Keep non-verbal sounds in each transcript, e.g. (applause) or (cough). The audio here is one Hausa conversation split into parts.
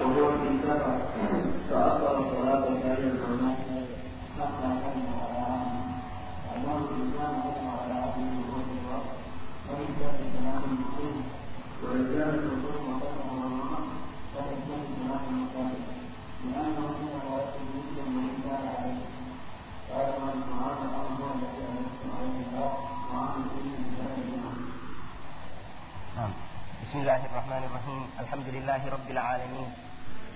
وهو في سفر فأقر صلاة الفجر والنصر حتى قدم على عامه الموت الإنسان قدم على عبده وفي الوقت وإن كان كلام المسلم ورجال الرسول وقدم على النصر فقد كان كلام المقابل لأنه من رواية المسلم من كان عليه قال من معاذ الأمر الذي أنزل عليه الله معاذ الدين من نعم. بسم الله الرحمن الرحيم الحمد لله رب العالمين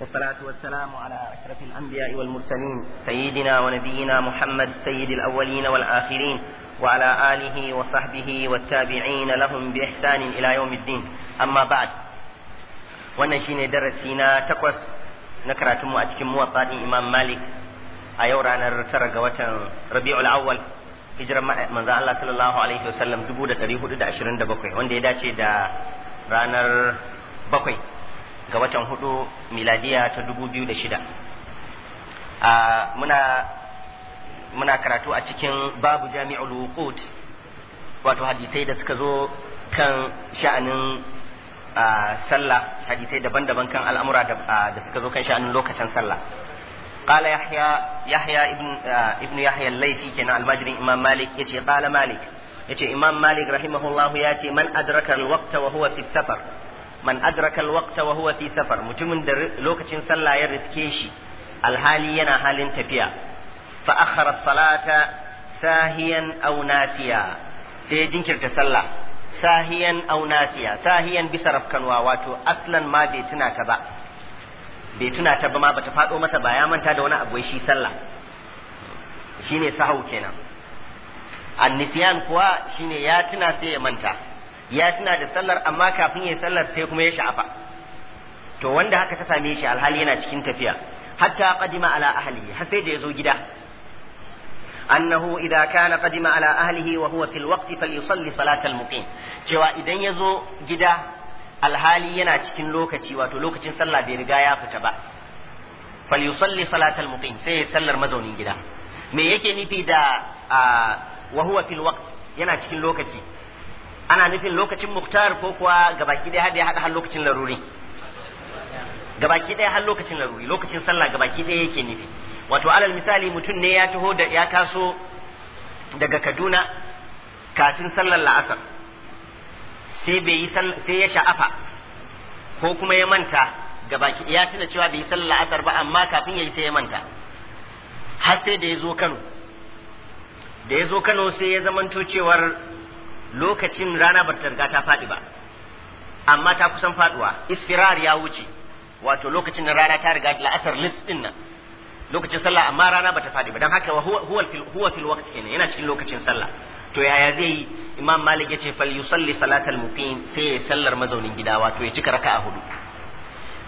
والصلاة والسلام على أشرف الأنبياء والمرسلين سيدنا ونبينا محمد سيد الأولين والآخرين وعلى آله وصحبه والتابعين لهم بإحسان إلى يوم الدين أما بعد ونجينا درسينا تقوس نكراتم أتكم وقال إمام مالك أيورانا رترق وتن ربيع الأول هجرة من الله صلى الله عليه وسلم دبودة ريهود دعشرين دبقي وندي داشي دا رانر بقي ga watan hudu miladiya ta dubu biyu da shida muna muna karatu a cikin babu jami'ul wuqut wato hadisai da suka zo kan sha'anin sallah hadisai daban-daban kan al'amura da suka zo kan sha'anin lokacin sallah قال يحيى يحيى ابن ابن يحيى الليثي كان المجري امام مالك يتي قال مالك يتي امام مالك رحمه الله ياتي من ادرك الوقت وهو في السفر man adraka alwaqta wa huwa fi safar mutumin da lokacin sallah ya riske shi alhali yana halin tafiya fa akhara salata sahiyan aw nasiya sai ya jinkirta sallah sahiyan aw nasiya sahiyan bisa rafkanwa wato aslan ma bai tuna ta ba bai tuna ta ba ma bata fado masa ba ya manta da wani abu shi sallah shine sahau kenan Annisiyan kuwa shine ya tuna sai ya manta ya tuna da sallar amma kafin ya sallar sai kuma ya sha'afa to wanda haka ta same shi alhali yana cikin tafiya hatta qadima ala ahlihi har sai da ya zo gida annahu idza kana qadima ala ahlihi wa huwa fil waqti falyusalli salatal muqim cewa idan ya zo gida alhali yana cikin lokaci wato lokacin sallah bai riga ya fita ba falyusalli salatal muqim sai ya sallar mazaunin gida me yake nufi da wa huwa fil waqti yana cikin lokaci ana nufin lokacin muktar ko kuwa gabaki ɗaya haɗe ya haɗa har lokacin laruri gabaki ɗaya har lokacin laruri lokacin sallah gabaki ɗaya yake nufi wato alal misali mutum ne ya taho da ya taso daga kaduna kafin sallar la'asar sai bai yi sai ya sha'afa ko kuma ya manta gabaki ya tuna cewa bai yi sallar la'asar ba amma kafin ya yi sai ya manta har sai da ya zo kano da ya zo kano sai ya zamanto cewar lokacin rana ba ta riga ta faɗi ba amma ta kusan faɗuwa isfirar ya wuce wato lokacin rana ta riga la'asar lis din lokacin sallah amma rana ba ta faɗi ba don haka huwa fil huwa fil waqt kenan yana cikin lokacin sallah to yaya zai yi imam malik ya ce fal yusalli salatal muqim sai ya sallar mazaunin gida wato ya cika raka'a hudu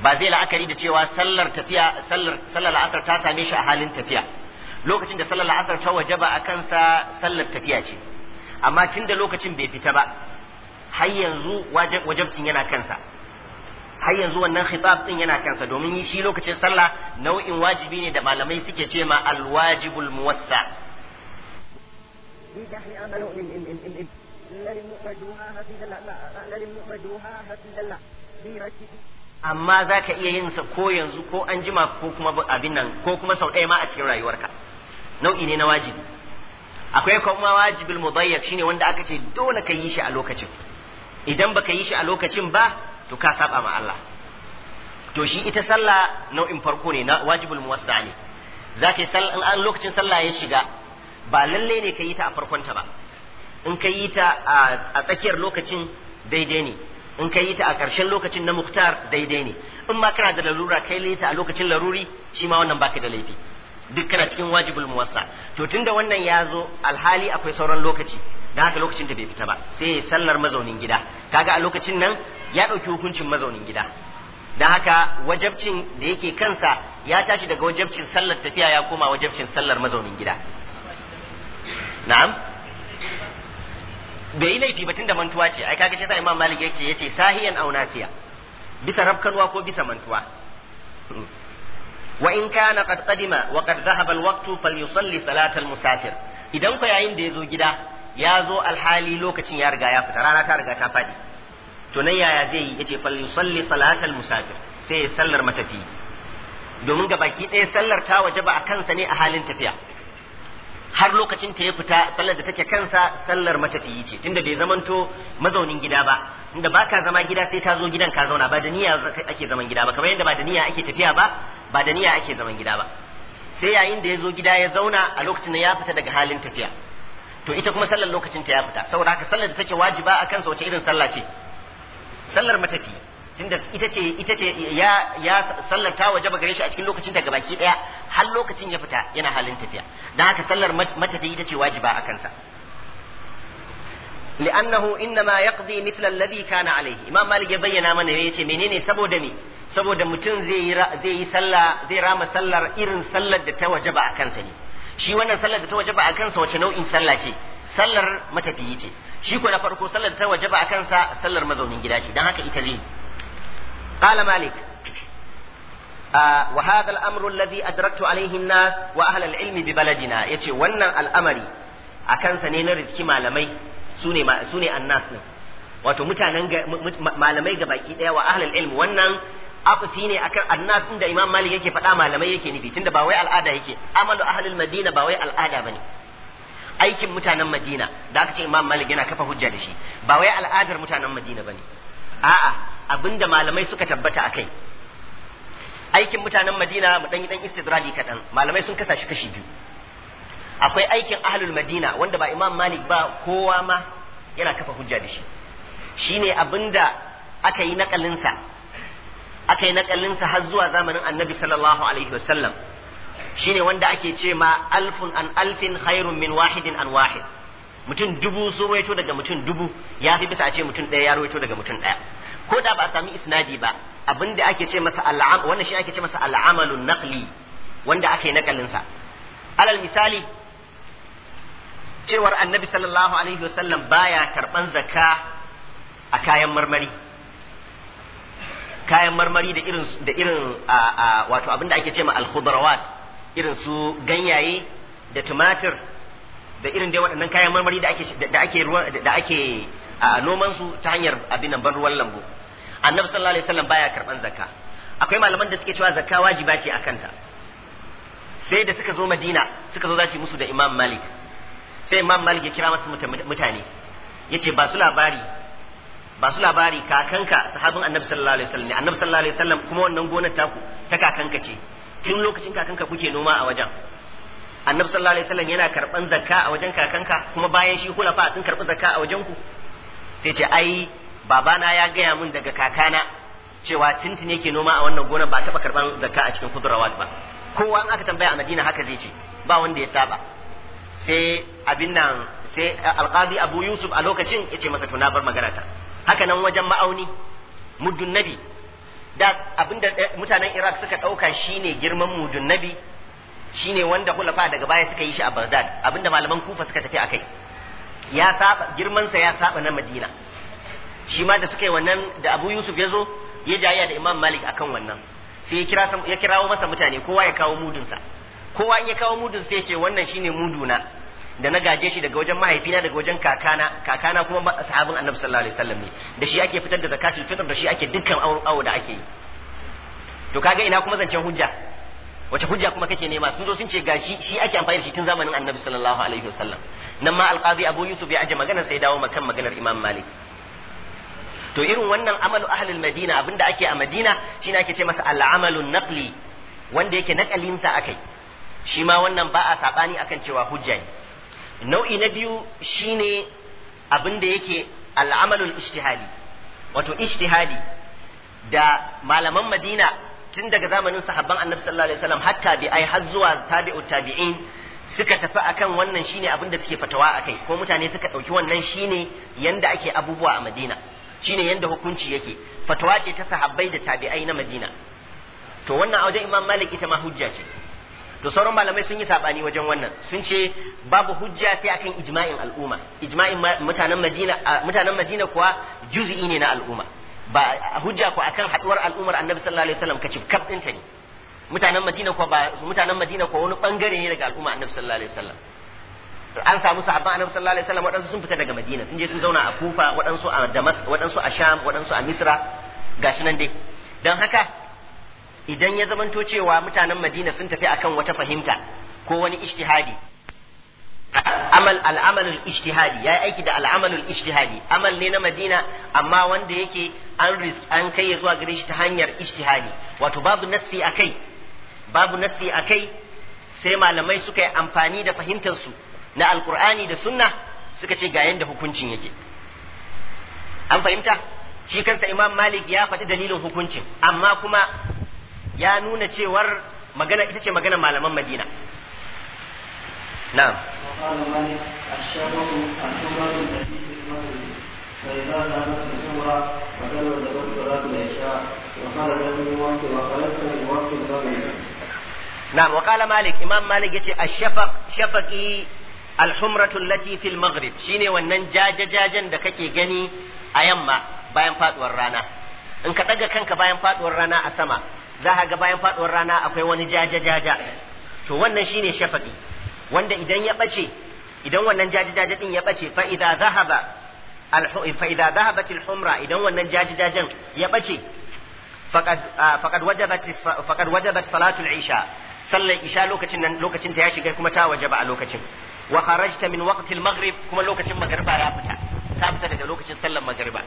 ba zai la'akari da cewa sallar tafiya sallar sallar la'asar ta same shi a halin tafiya lokacin da sallar la'asar ta wajaba akan sa sallar tafiya ce amma tun da lokacin bai fita ba har yanzu wajabcin yana kansa har yanzu wannan khitab din yana kansa domin shi lokacin sallah nau'in wajibi ne da malamai suke ce ma alwajibul muwassa amma za ka iya yin sa ko yanzu ko an jima ko kuma abin nan ko kuma sau ɗaya ma a cikin rayuwarka nau'i ne na wajibi akwai kuma wajibul mudayyak shine wanda aka ce dole ka yi shi a lokacin idan baka yi shi a lokacin ba to ka saba ma Allah to shi ita sallah nau'in farko ne na wajibul muwassa ne za an lokacin sallah ya shiga ba lalle ne ka yi ta a farkonta ba in ka yi ta a tsakiyar lokacin daidai ne in ka yi ta a ƙarshen lokacin na muktar daidai ne in ma kana da larura kai yi a lokacin laruri shi ma wannan baka da laifi duk kana cikin wajibul muwassa to tunda wannan ya zo alhali akwai sauran lokaci da haka lokacin da bai fita ba sai ya sallar mazaunin gida kaga a lokacin nan ya ɗauki hukuncin mazaunin gida da haka wajabcin da yake kansa ya tashi daga wajabcin sallar tafiya ya koma wajabcin sallar mazaunin gida na'am bai yi laifi ba tunda mantuwa ce ai kaga shi imam malik yake yace sahiyan Aunasiya nasiya bisa rafkanwa ko bisa mantuwa hmm. وإن كان قد قدم وقد ذهب الوقت فليصلي صلاة المسافر idan ku yayin da ya zo gida ya zo alhali lokacin ya riga ya fita rana ta riga ta faɗi to nan yaya zai yi yace fal yusalli salatal musafir sai ya sallar matafi domin ga baki ɗaya sallar ta wajaba ba a kansa ne a halin tafiya har lokacin ta ya fita sallar da take kansa sallar matafiyi ce tunda bai zamanto mazaunin gida ba tunda baka zama gida sai ka zo gidan ka zauna ba da niyya ake zaman gida ba kamar yadda ba da niyya ake tafiya ba ba da niyya ake zaman gida ba sai yayin da ya zo gida ya zauna a lokacin da ya fita daga halin tafiya to ita kuma sallar lokacin ta ya fita saboda haka sallar da take wajiba a kansa wace irin sallah ce sallar matafiyi tunda ita ce ita ce ta ya sallata waje gare shi a cikin lokacin ta gabaki ɗaya. har lokacin ya fita yana halin tafiya dan haka sallar matafi ita ce wajiba a kansa li'annahu innama yaqdi mithla alladhi kana alayhi imam malik ya bayyana mana yace menene saboda me saboda mutum zai yi zai sallah zai rama sallar irin sallar da ta wajaba a kansa ne shi wannan sallar da ta wajaba a kansa wace nau'in sallah ce sallar matafiyi ce shi ko na farko sallar da ta wajaba a kansa sallar mazaunin gida ce dan haka ita zai قال مالك آه وهذا الأمر الذي أدركت عليه الناس وأهل العلم ببلدنا يتي ونن الأمر أكن سنين رزق مالمي سوني, ما سوني الناس wato mutanen malamai ga baki daya wa ahlul ilm wannan afifi ne akan annas inda imam malik yake faɗa malamai yake nufi tunda ba wai al'ada yake amalu ahlul madina ba wai al'ada bane aikin mutanen madina da aka ce imam malik yana kafa hujja da shi ba wai al'adar mutanen madina bane a'a abinda malamai suka tabbata a kai aikin mutanen madina mu dan dan istidradi kadan malamai sun kasa shi kashi biyu akwai aikin ahlul madina wanda ba imam malik ba kowa ma yana kafa hujja da shi shine abinda aka yi naƙalinsa aka yi har zuwa zamanin annabi sallallahu alaihi wasallam shine wanda ake ce ma alfun an alfin khairun min wahidin an wahid mutum dubu sun daga mutum dubu ya fi bisa a ce mutum ɗaya ya ruwaito daga mutum ɗaya ko da ba a sami isnadi ba abinda ake ce masa al'am wanda shi ake ce masa al'amalun naqli wanda aka yi nakalin sa alal misali cewar annabi sallallahu alaihi wasallam baya karban zakka a kayan marmari kayan marmari da irin da irin wato abinda ake ce ma al irin su ganyaye da tumatir da irin dai waɗannan kayan marmari da ake da ake da ake a noman su ta hanyar abin nan ban ruwan lambu annabi sallallahu alaihi wasallam baya karban zakka akwai malaman da suke cewa zakka wajiba ce a kanta sai da suka zo madina suka zo za su musu da imam malik sai imam malik ya kira masu mutane ya ce ba su labari ba su labari kakanka sahabin annabi sallallahu alaihi wasallam ne annabi sallallahu alaihi wasallam kuma wannan gonar taku ta kakanka ce tun lokacin kakanka kuke noma a wajen annabi sallallahu alaihi wasallam yana karban zakka a wajen kakanka kuma bayan shi hulafa sun karbi zakka a wajen ku sai ce ai babana ya gaya mun daga kakana cewa tintin yake noma a wannan gona ba taɓa karɓar zakka a cikin kudurawa ba kowa an aka tambaya a madina haka zai ce ba wanda ya saba sai abin nan sai alqadi abu yusuf a lokacin ya ce masa to na bar magana ta haka nan wajen ma'auni muddun nabi da abinda eh, mutanen iraq suka ɗauka shine girman muddun nabi shine wanda hulafa daga baya suka yi shi a baghdad abinda malaman kufa suka tafi a kai. ya saba girmansa ya saba na madina shi ma da suka yi wannan da abu yusuf ya zo ya jayya da imam malik akan wannan sai ya kirawo masa mutane kowa ya kawo mudunsa kowa in ya kawo mudun sai ya ce wannan shine muduna da na gaje shi daga wajen mahaifina daga wajen kakana kakana kuma sahabin annabi sallallahu alaihi wasallam ne da shi ake fitar da zakatul fitr da shi ake dukkan awo da ake yi to kaga ina kuma zancen hujja wace hujja kuma kake nema sun zo sun ce gashi shi ake amfani da shi tun zamanin annabi sallallahu alaihi wasallam nan ma alqazi abu yusuf ya aje magana sai dawo kan maganar imam malik to irin wannan amalu ahlul madina abinda ake a madina shine ake ce masa al'amalu naqli wanda yake sa akai shi ma wannan ba a sabani akan cewa hujja ne nau'i na biyu shine abinda yake al'amalul ijtihadi wato ijtihadi da malaman madina tun daga zamanin sahabban annabi sallallahu alaihi wasallam hatta bi ai har zuwa tabi'u tabi'in suka tafi akan wannan shine abin da suke fatawa akai ko mutane suka ɗauki wannan shine yanda ake abubuwa a Madina shine yanda hukunci yake fatawa ce ta sahabbai da tabi'ai na Madina to wannan a wajen Imam Malik ita ma hujja ce to sauran malamai sun yi saɓani wajen wannan sun ce babu hujja sai akan ijma'in al'umma ijma'in mutanen Madina mutanen Madina kuwa juz'i ne na al'umma ba hujja ko akan haduwar al'ummar Annabi sallallahu alaihi wasallam kace kaf ɗinta ne mutanen madina ko ba mutanen madina ko wani bangare ne daga al'umma annabi sallallahu alaihi wasallam an samu sahabban annabi sallallahu alaihi wasallam waɗansu sun fita daga madina sun je sun zauna a kufa waɗansu a damas waɗansu a sham waɗansu a misra gashi nan dai don haka idan ya zamanto cewa mutanen madina sun tafi akan wata fahimta ko wani ijtihadi amal al'amalul ijtihadi yayi aiki da al'amalul ijtihadi amal ne na madina amma wanda yake an an kai zuwa gare shi ta hanyar ijtihadi wato babu nassi akai babu nassi a kai sai malamai suka yi amfani da fahimtarsu na alkur'ani da sunna suka ce ga yadda hukuncin yake an fahimta shi kansa imam malik ya faɗi dalilin hukuncin amma kuma ya nuna cewar magana ita ce magana malaman madina na'am فإذا كانت وقت na'am malik imam malik yace ash-shafaq shafaqi al-humratu allati fil maghrib shine wannan jajajajen da kake gani a yamma bayan faduwar rana in ka kanka bayan faduwar rana a sama za ka ga bayan faduwar rana akwai wani jajajaja to wannan shine shafaqi wanda idan ya bace idan wannan jajajaja din ya bace fa idza zahaba fa idza idan wannan jajajajen ya salatu isha sallar isha lokacin nan lokacin ta ya shiga kuma ta waje ba a lokacin wa kharajta min waqti maghrib kuma lokacin magriba ya fita ta fita daga lokacin sallar magriba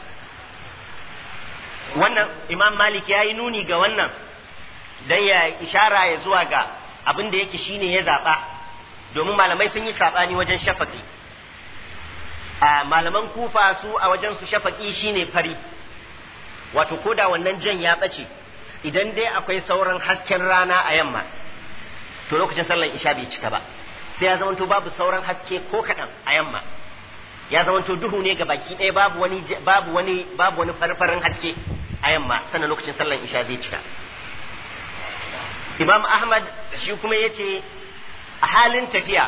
wannan imam malik ya yi nuni ga wannan dan ya ishara ya zuwa ga abin da yake shine ya zaba domin malamai sun yi sabani wajen shafaqi a malaman kufa su a wajen su shafaqi shine fari wato koda wannan jan ya bace idan dai akwai sauran hasken rana a yamma to lokacin sallan isha bai cika ba sai ya zamanto babu sauran haske ko kaɗan a yamma ya zamanto duhu ne ga baki ɗaya babu wani babu wani babu wani farfarin haske a yamma sannan lokacin sallan isha zai cika imam ahmad shi kuma yace a halin tafiya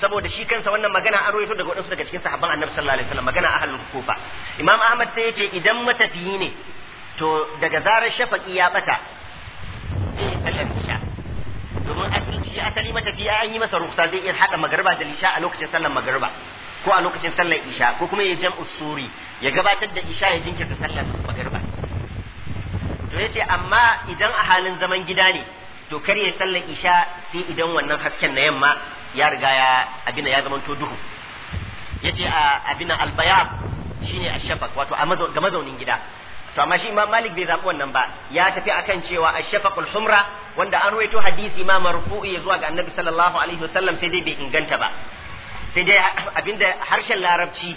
saboda shi kansa wannan magana an rawaito daga wadansu daga cikin sahabban annabi sallallahu alaihi wasallam magana ahlul kufa imam ahmad sai yace idan matafiyi ne to daga zarar shafaqi ya bata sai ya sallar isha domin asali shi asali matafiya an yi masa ruksa zai iya haɗa magarba da isha a lokacin sallar magarba ko a lokacin sallar isha ko kuma ya jam'u suri ya gabatar da isha ya jinkirta sallar magarba to yace amma idan a halin zaman gida ne to kar ya sallar isha sai idan wannan hasken na yamma ya riga ya abina ya zamanto to duhu yace a abina albayab shine ashabak wato ga mazaunin gida to amma shi Imam Malik bai zaɓi wannan ba ya tafi akan cewa ash-shafaqul humra wanda an ruwaito hadisi ma marfu'i zuwa ga Annabi sallallahu alaihi wasallam sai dai bai inganta ba sai dai abinda harshen larabci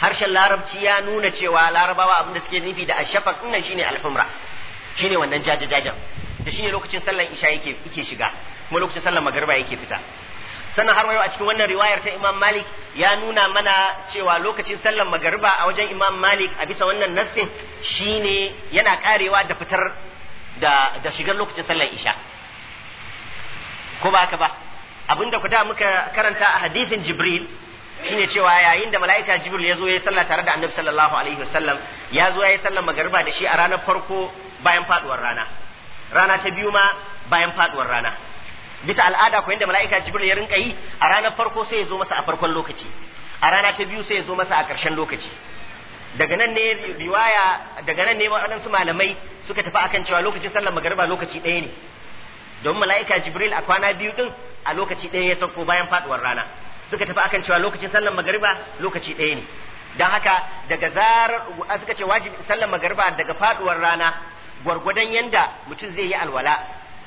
harshen larabci ya nuna cewa larabawa abinda suke nufi da ash-shafaq nan shine alhumra shine wannan jajajajan da shine lokacin sallan isha yake yake shiga kuma lokacin sallan magriba yake fita sannan har wayo a cikin wannan riwayar ta Imam Malik ya nuna mana cewa lokacin sallar magariba a wajen Imam Malik a bisa wannan nassin shine yana karewa da fitar da da shigar lokacin sallar isha ko ba haka ba abinda ku da muka karanta a hadisin Jibril shine cewa yayin da mala'ika Jibril ya zo ya yi sallah tare da Annabi sallallahu alaihi wasallam ya zo ya yi sallar magariba da shi a ranar farko bayan faduwar rana rana ta biyu ma bayan faduwar rana bisa al'ada ko yanda mala'ika jibril ya rinka yi a ranar farko sai ya zo masa a farkon lokaci a rana ta biyu sai ya zo masa a ƙarshen lokaci daga nan ne riwaya daga nan ne waɗansu malamai suka tafi akan cewa lokacin sallar magariba lokaci ɗaya ne domin mala'ika jibril a kwana biyu din a lokaci ɗaya ya sauko bayan faduwar rana suka tafi akan cewa lokacin sallar magariba lokaci ɗaya ne don haka daga zarar suka ce wajibi sallar magariba daga faduwar rana gwargwadon yanda mutum zai yi alwala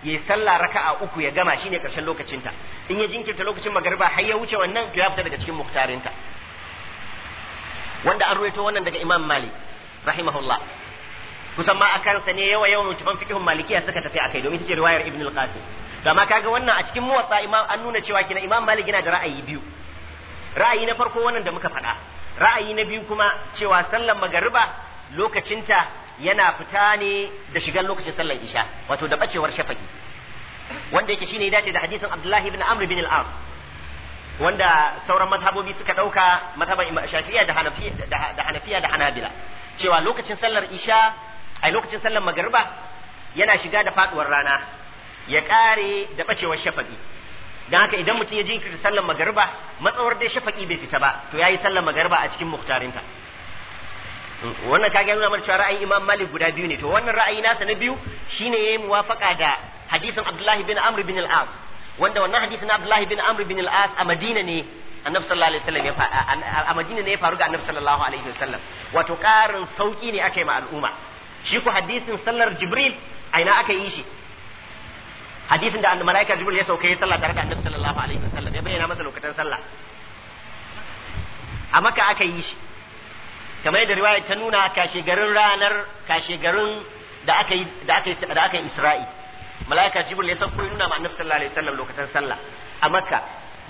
yayi sallah raka'a uku ya gama shine karshen lokacinta in ya jinkirta lokacin magariba har ya wuce wannan to ya fita daga cikin muktarinta wanda an ruwaito wannan daga Imam Malik rahimahullah kusan ma akan sa ne yawa yawa mutafan fiqhun malikiya suka tafi akai domin tace riwayar Ibn al-Qasim Gama kaga wannan a cikin muwatta imam an nuna cewa kina Imam Malik yana da ra'ayi biyu ra'ayi na farko wannan da muka faɗa ra'ayi na biyu kuma cewa sallar magariba lokacinta yana fita ne da shigar lokacin sallar isha wato da bacewar shafaki wanda yake shine ya dace da hadisin Abdullahi ibn Amr bin al-As wanda sauran mazhabobi suka dauka mazhaban Shafi'iyya da Hanafiya da Hanafiya da Hanabila cewa lokacin sallar isha ai lokacin sallar magariba yana shiga da faduwar rana ya kare da bacewar shafaki dan haka idan mutum ya jinkirta sallar magariba matsawar dai shafaki bai fita ba to yayi sallar magariba a cikin muktarinta wannan kage nuna mana cewa ra'ayin Imam Malik guda biyu ne to wannan ra'ayi nasa na biyu shine yayi muwafaka da hadisin Abdullahi bin Amr bin al-As wanda wannan hadisin Abdullahi bin Amr bin al-As a Madina ne Annabi sallallahu alaihi wasallam ya a Madina ne ya faru ga Annabi sallallahu alaihi wasallam wato karin sauki ne aka yi ma al'umma shi ko hadisin sallar Jibril aina aka yi shi hadisin da malaika Jibril ya sauka ya sallah tare da Annabi sallallahu alaihi wasallam ya bayyana masa lokacin sallah a maka aka yi shi kamar yadda riwaya ta nuna kashe garin ranar kashe garin da aka yi da aka yi da aka yi Isra'i malaika jibril ya sauko nuna ma annabi sallallahu alaihi wasallam lokacin sallah a makka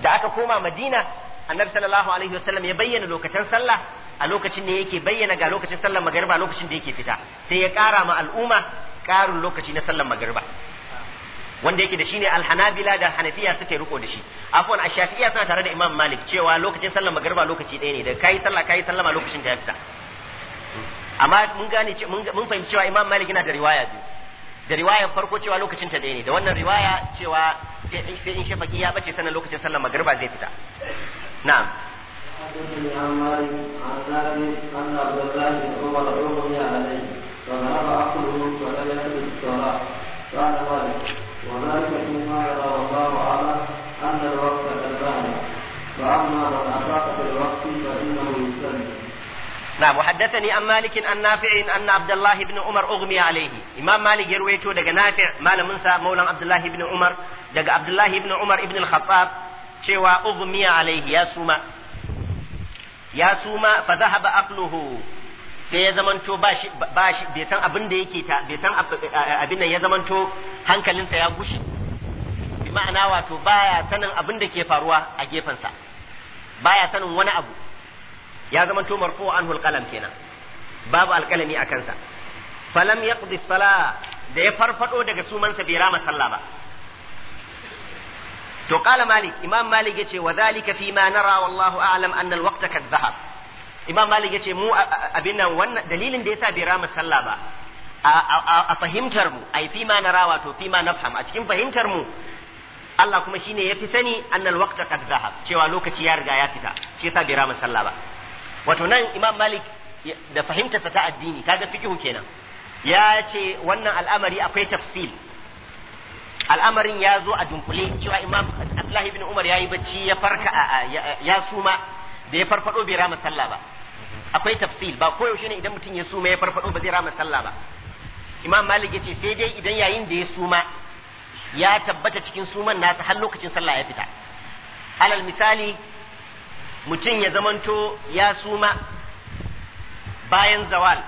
da aka koma madina annabi sallallahu alaihi wasallam ya bayyana lokacin sallah a lokacin da yake bayyana ga lokacin sallar magariba lokacin da yake fita sai ya kara ma al'umma karin lokaci na sallar magariba wanda yake da shine alhanabila da hanafiya suke riko da shi afwan ashafiya suna tare da imam malik cewa lokacin sallar magariba lokaci ɗaya ne da kai sallah kai sallama lokacin da ya fita amma mun gane mun fahimci cewa imam malik yana da riwaya biyu da riwaya farko cewa lokacin ta ɗaya ne da wannan riwaya cewa sai in shafaki ya bace sanan lokacin sallar magariba zai fita na'am حدثني عن مالك عن نافع ان الله بن عمر اغمي عليه فذهب عقله فلم يجد الصلاه وذلك يرى الله أن الوقت فأما من أفاق في الوقت فإنه نعم وحدثني عن مالك عن نافع أن عبد الله بن عمر أغمي عليه إمام مالك يرويته دق نافع مال منسى مولى عبد الله بن عمر دق عبد الله بن عمر ابن الخطاب شوى أغمي عليه يا سوما يا سوما فذهب عقله sai ya zamanto ba shi ba shi bai san abin da yake ta bai san abin nan ya zamanto hankalinsa ya gushi bi ma'ana wato baya sanin abin da ke faruwa a gefensa baya sanin wani abu ya zamanto marfu anhu alqalam kenan babu alqalami a kansa falam yaqdi sala da ya farfado daga sumansa bai rama sallah ba to qala malik imam malik yace wa dhalika fi ma nara wallahu a'lam anna alwaqta kadhahab imam malik ya ce mu abin nan wannan dalilin da yasa bai rama sallah ba a fahimtar mu ai fi ma nara wato fi ma nafham a cikin fahimtar mu Allah kuma shine yafi sani annal waqta qad zahab cewa lokaci ya riga ya fita shi yasa bai rama sallah ba wato nan imam malik da fahimtarsa ta addini kaga fiqhu kenan ya ce wannan al'amari akwai tafsil al'amarin ya zo a dunkule cewa imam abdullahi ibn umar yayi bacci ya farka ya suma da ya farfado bai rama sallah ba akwai tafsil ba koyaushe ne idan mutum ya suma ya farfado ba zai rama sallah ba imam malik yace sai dai idan yayin da ya suma ya tabbata cikin suman nasa har lokacin sallah ya fita alal misali mutum ya zamanto ya suma bayan zawal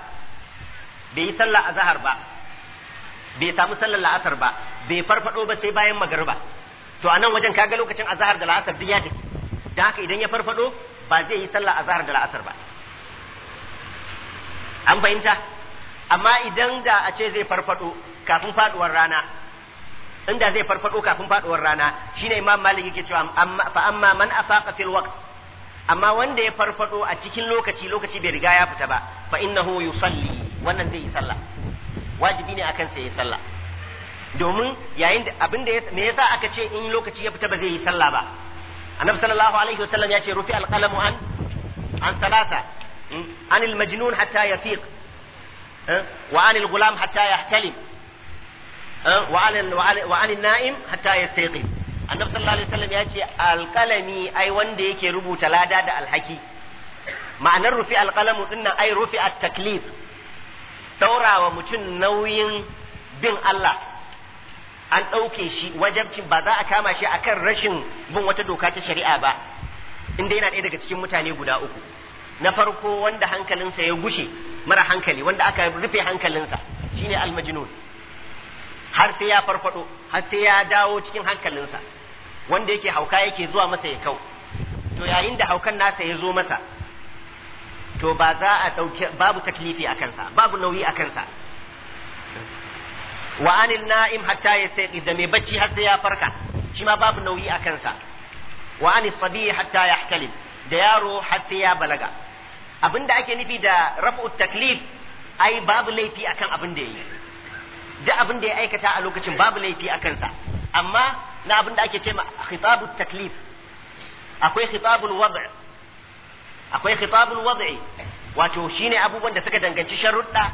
bai yi sallah a zahar ba bai samu sallar la'asar ba bai farfado ba sai bayan magariba to a nan wajen kaga lokacin azahar da la'asar duk ya tafi da haka idan ya farfado ba zai yi sallah azhar da la'asar ba an fahimta amma idan da a ce zai farfado kafin faduwar rana inda zai farfado kafin faduwar rana shine imam malik yake cewa fa amma man afaqa fil waqt amma wanda ya farfado a cikin lokaci lokaci bai riga ya fita ba fa innahu yusalli wannan zai yi sallah wajibi ne akan ya yi sallah domin yayin da abinda me yasa aka ce in lokaci ya fita ba zai yi sallah ba annabi sallallahu alaihi wasallam ya ce rufi alqalamu an an salasa hmm, an almajnun hatta yafiq eh, wa an alghulam hatta yahtalim eh, wa an wa an an-na'im hatta yastayqi annabi sallallahu alaihi wasallam ya ce alqalami ai wanda yake rubuta lada da alhaki ma'anar rufi alqalamu dinnan ai rufi at-taklif wa mutum nauyin bin Allah an ɗauke shi wajabcin ba za a kama shi a kan rashin bin wata doka ta shari'a ba in dai yana ɗaya daga cikin mutane guda uku na farko wanda hankalinsa ya gushe mara hankali wanda aka rufe hankalinsa shine almajinun har sai ya farfado har sai ya dawo cikin hankalinsa wanda yake hauka yake zuwa masa ya kau to yayin da haukan nasa ya zo masa to ba za a ɗauke babu taklifi a kansa babu nauyi a kansa wa anil na'im hatta yastayqi da mai bacci har sai ya farka shi ma babu nauyi a kansa wa anil sabi hatta yahtalim da yaro har sai ya balaga abinda ake nufi da raf'u taklif ai babu laifi akan abin da yayi da abin da ya aikata a lokacin babu laifi a kansa amma na abin da ake ce ma khitabu taklif akwai khitabul wad' akwai khitabul wad'i wato shine abubuwan da suka danganci sharuɗa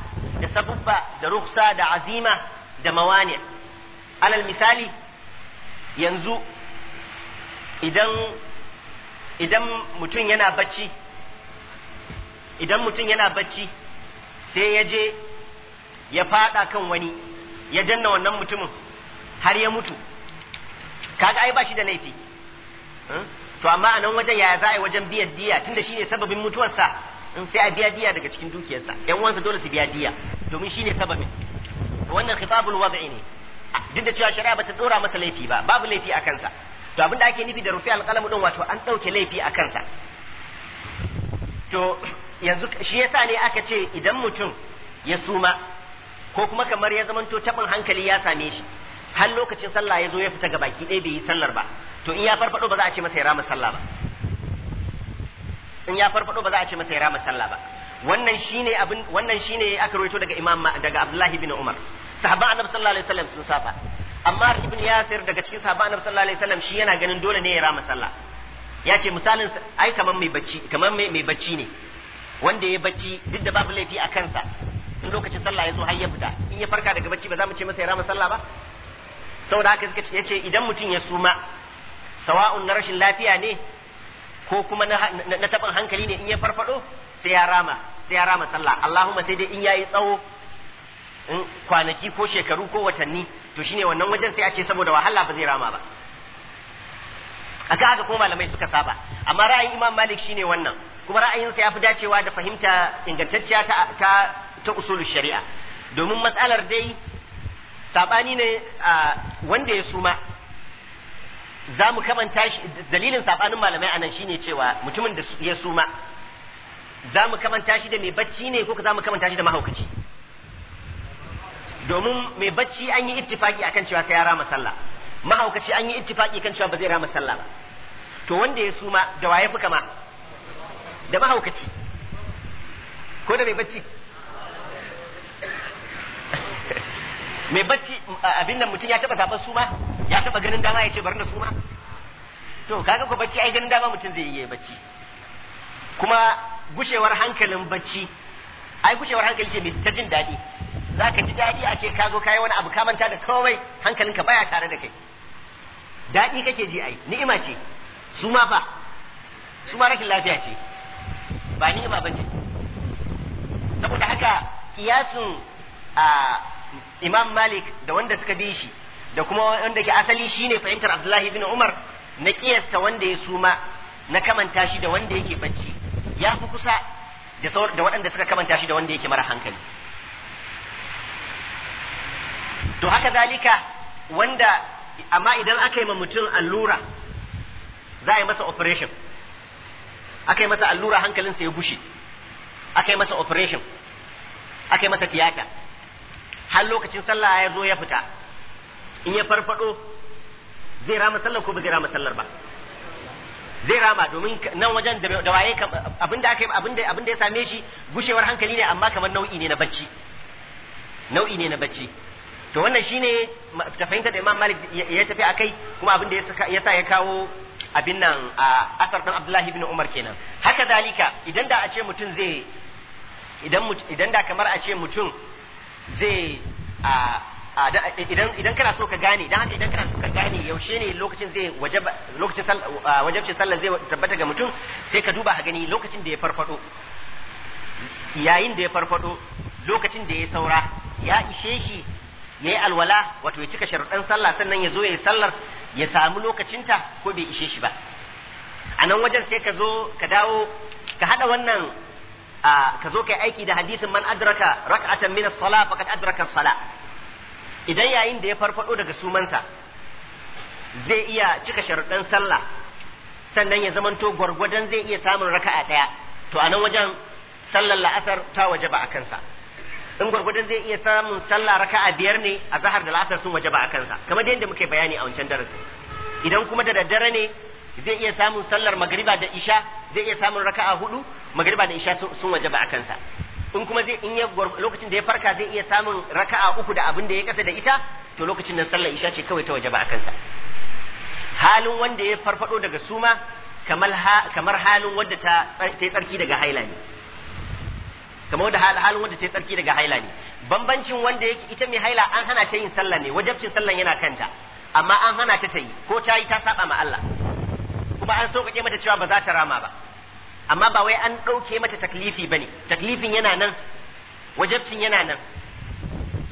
da sabubba da ruksa da azima da mawani alal misali yanzu idan idan mutum yana bacci idan mutum yana bacci sai ya je ya fada kan wani ya danna wannan mutumin har ya mutu kaga ai ba da laifi hmm? to amma a nan wajen yaya za a yi wajen biyan diya tunda shine sababin mutuwarsa in sai a biya diya daga cikin dukiyarsa yan uwansa dole su biya diya domin shine sababin wannan khitabul wad'i ne duk da cewa shari'a bata dora masa laifi ba babu laifi a kansa to abinda ake nufi da rufi alqalamu din wato an dauke laifi a kansa to yanzu shi yasa ne aka ce idan mutum ya suma ko kuma kamar ya zamanto tabin hankali ya same shi har lokacin sallah ya zo ya fita ga baki ɗaya bai yi sallar ba to in ya farfado ba za a ce masa ya rama sallah ba in ya farfado ba za a ce masa ya rama sallah ba wannan shine abin wannan shine aka rawaito daga imam daga abdullahi bin umar sahaba annabi sallallahu alaihi wasallam sun safa. amma ibn yasir daga cikin sahaba annabi sallallahu alaihi wasallam shi yana ganin dole ne ya rama sallah ya ce misalin ai kaman mai bacci kaman mai mai bacci ne wanda ya bacci duk da babu laifi a kansa in lokacin sallah ya zo har ya fita in ya farka daga bacci ba za mu ce masa ya rama sallah ba saboda haka suka ce idan mutum ya suma sawa'un na rashin lafiya ne ko kuma na taɓin hankali ne in ya farfado sai ya rama sai ya rama sallah Allahumma sai dai in yayi tsawo in kwanaki ko shekaru ko watanni to shine wannan wajen sai a ce saboda wahala ba zai rama ba aka haka ko malamai suka saba amma ra'ayin Imam Malik shine wannan kuma ra'ayinsa ya fi dacewa da fahimta ingantacciya ta ta, ta usulul shari'a domin matsalar dai sabani ne wanda ya suma za mu kamanta dalilin sabanin malamai anan shine cewa mutumin da ya suma za mu kamanta shi da mai bacci ne ko za mu kamanta shi da mahaukaci domin mai bacci an yi ittifaki akan cewa sai ya rama sallah mahaukaci an yi ittifaki kan cewa ba zai rama sallah ba to wanda ya suma da waye fi kama da mahaukaci ko da mai bacci (laughs) mai bacci abin nan mutum ya taba zaban suma ya taba ganin dama ya ce bari na suma to kaga ko bacci ai ganin dama mutum zai yi bacci kuma gushewar hankalin bacci ai gushewar hankali ce mai ta jin daɗi za ka ji daɗi a ce ka zo ka yi wani abu ka manta da komai hankalinka baya tare da kai daɗi kake ji ai ni'ima ce su ma ba su ma rashin lafiya ce ba ni'ima ba ce saboda haka kiyasin a imam malik da wanda suka bi shi da kuma wanda ke asali shi ne fahimtar abdullahi bin umar na kiyasta wanda ya suma na kamanta shi da wanda yake bacci ya fi kusa da waɗanda suka kamanta shi da wanda yake mara hankali to haka zalika wanda amma idan aka yi ma mutum allura za a yi masa operation aka yi masa allura hankalinsa ya gushe aka yi masa operation aka yi masa tiyata har lokacin sallah ya zo ya fita in ya farfado zai rama sallar ko ba zai rama sallar ba zai rama domin nan wajen da waye abinda aka abinda abinda ya same shi gushewar hankali ne amma kamar nau'i ne na bacci nau'i ne na bacci to wannan shine ta fahimta da Imam Malik ya tafi akai kuma abinda ya sa ya kawo abin nan a asar dan Abdullahi ibn Umar kenan haka dalika idan da a ce mutum zai idan idan da kamar a ce mutum zai a idan kana so ka gane dan haka idan kana so ka gane yaushe ne lokacin zai wajab lokacin wajabcin sallah zai tabbata ga mutum sai ka duba ka gani lokacin da ya farfado yayin da ya farfado lokacin da ya saura ya ishe shi yayi alwala wato ya cika sharuɗan sallah sannan ya zo ya yi sallar ya samu lokacinta ko bai ishe shi ba a nan wajen sai ka zo ka dawo ka haɗa wannan ka zo kai aiki da hadisin man adraka rak'atan min as-salah faqad adraka as-salah idan yayin da ya farfado daga sumansa zai iya cika sharuɗan sallah sannan ya zamanto gwargwadon zai iya samun raka'a ɗaya to a nan wajen sallar la'asar ta waje ba a kansa in gwargwadon zai iya samun sallah raka'a biyar ne a zahar da la'asar sun waje ba a kansa kamar yadda muke bayani a wancan darasi idan kuma da daddare ne zai iya samun sallar magriba da isha zai iya samun raka'a hudu magriba da isha sun waje ba a kansa in kuma zai in ya lokacin da ya farka zai iya samun raka'a uku da abin da ya kasa da ita to lokacin nan sallar isha ce kawai ta wajaba a kansa halin wanda ya farfado daga suma kamar kamar halin wanda ta ta tsarki daga haila ne kamar wanda halin wanda ta tsarki daga haila ne bambancin wanda yake ita mai haila an hana ta yin sallah ne wajabcin sallan yana kanta amma an hana ta ta yi ko ta yi ta saba ma Allah kuma an sauƙaƙe mata cewa ba za ta rama ba amma ba wai an ɗauke mata taklifi bane taklifin yana nan wajabcin yana nan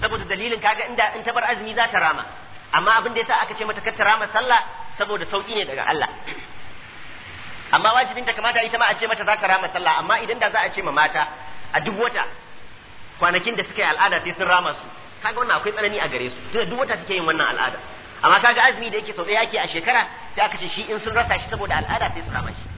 saboda dalilin kaga inda in ta bar azumi za ta rama amma abin da yasa aka ce mata kar ta rama sallah saboda sauki ne daga Allah amma wajibin ta kamata ita ma a ce mata za ka rama sallah amma idan da za a ce ma mata a duk wata kwanakin da suka yi al'ada sai sun rama su kaga wannan akwai tsanani a gare su tunda duk wata suke yin wannan al'ada amma kaga azumi da yake sau ɗaya yake a shekara sai aka ce shi in sun rasa shi saboda al'ada sai su rama shi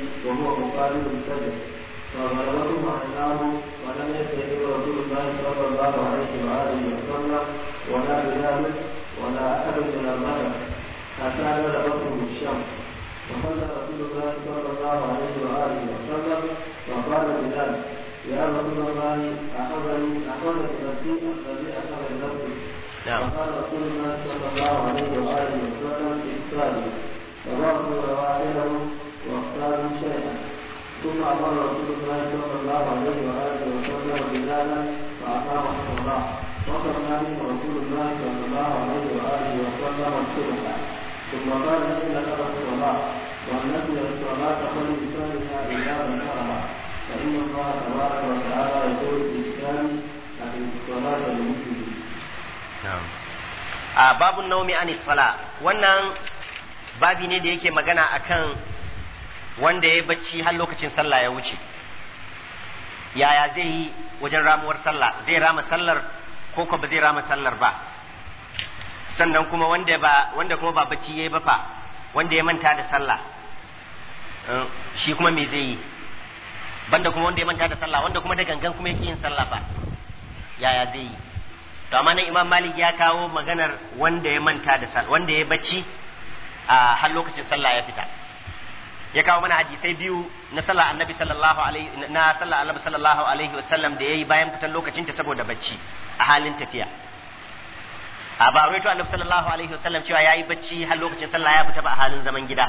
وهو مقابل الفجر فغلبته عن الامر ولم يستجب رسول الله صلى الله عليه واله وسلم ولا بلال ولا احد من الملك حتى غلبته الشمس وصلى رسول الله صلى الله عليه واله وسلم فقال بلال يا رسول الله اخذني اخذت نفسي الذي اخذ نفسي نعم. فقال رسول الله صلى الله عليه واله وسلم اكتابي رواه رواحله a babun naumi anis sala wannan babi ne da yake magana akan wanda ya yi bacci har lokacin sallah ya wuce yaya zai yi wajen ramuwar sallah zai rama sallar ko ko ba zai rama sallar ba sannan kuma wanda ba wanda kuma ba bacci yayi ba fa wanda ya manta da sallah eh, shi kuma me zai yi banda kuma wanda ya manta da sallah wanda kuma da gangan kuma yake yin sallah ba yaya zai yi to amma nan imam malik ya kawo maganar wanda ya manta da sallah wanda ya bacci a ah, har lokacin sallah ya fita ya kawo mana hadisai biyu na sallah annabi sallallahu alaihi na sallah annabi sallallahu alaihi wasallam da yayi bayan fitan lokacin ta saboda bacci a halin tafiya a ba ruwaito annabi sallallahu alaihi wasallam cewa yayi bacci har lokacin sallah ya fita ba a halin zaman gida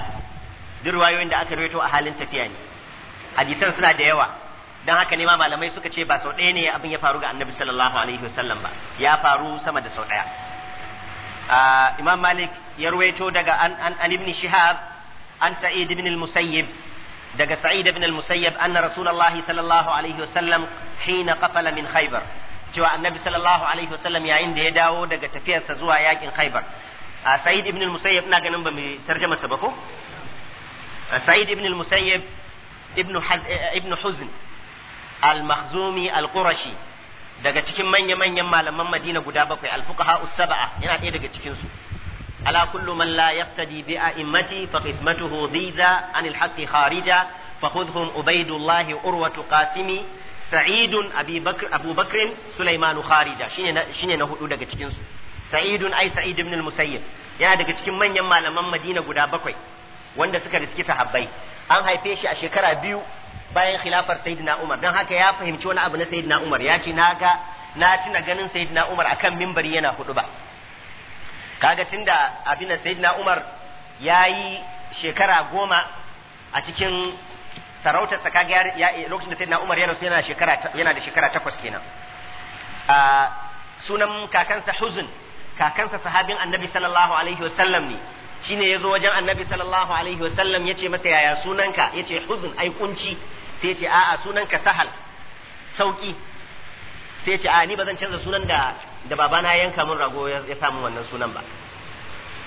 duk ruwayoyin da aka ruwaito a halin tafiya ne hadisan suna da yawa dan haka ne ma malamai suka ce ba sau ɗaya ne abin ya faru ga annabi sallallahu alaihi wasallam ba ya faru sama da sau ɗaya ah, imam malik ya ruwaito daga an ibn shihab an sa'id ibn al daga sa'id ibn al-musayyib anna rasulullahi sallallahu alaihi wasallam hina qafala min khaybar cewa annabi sallallahu alaihi wasallam yayin da ya dawo daga tafiyarsa zuwa yakin khaybar a sa'id ibn al-musayyib ina ganin ba mu tarjama sa ba ko sa'id ibn ibn huzn al-makhzumi al-qurashi daga cikin manya-manyan malaman madina guda bakwai al-fuqaha saba'a saba yana ɗaya daga cikin su Ala كل من لا يقتدي بأئمتي فقسمته ضيزى عن الحق خارجا فخذهم عبيد الله أروة قاسمي سعيد أبي بكر أبو بكر سليمان خارجا شنو نهو سعيد أي سعيد بن المسيب yana daga cikin manyan malaman Madina guda bakwai wanda suka riski sahabbai an haife shi a shekara biyu bayan khilafar Sayyidina Umar Dan haka ya fahimci wani abu na Sayyidina Umar ya ce na ga na tuna ganin Sayyidina Umar akan mimbari yana hudu ba kaga tunda abin da sayyidina Umar yayi shekara goma a cikin sarautarsa kaga lokacin da sayyidina Umar yana yana shekara yana da shekara takwas kenan a sunan kakansa huzun kakansa sahabin Annabi sallallahu alaihi wasallam ne shine yazo wajen Annabi sallallahu alaihi wasallam yace masa yaya sunanka yace huzun ai kunci sai yace a'a sunanka Sahal sauki sai yace a ni bazan canza sunan da da babana ya yanka min rago ya samu wannan sunan ba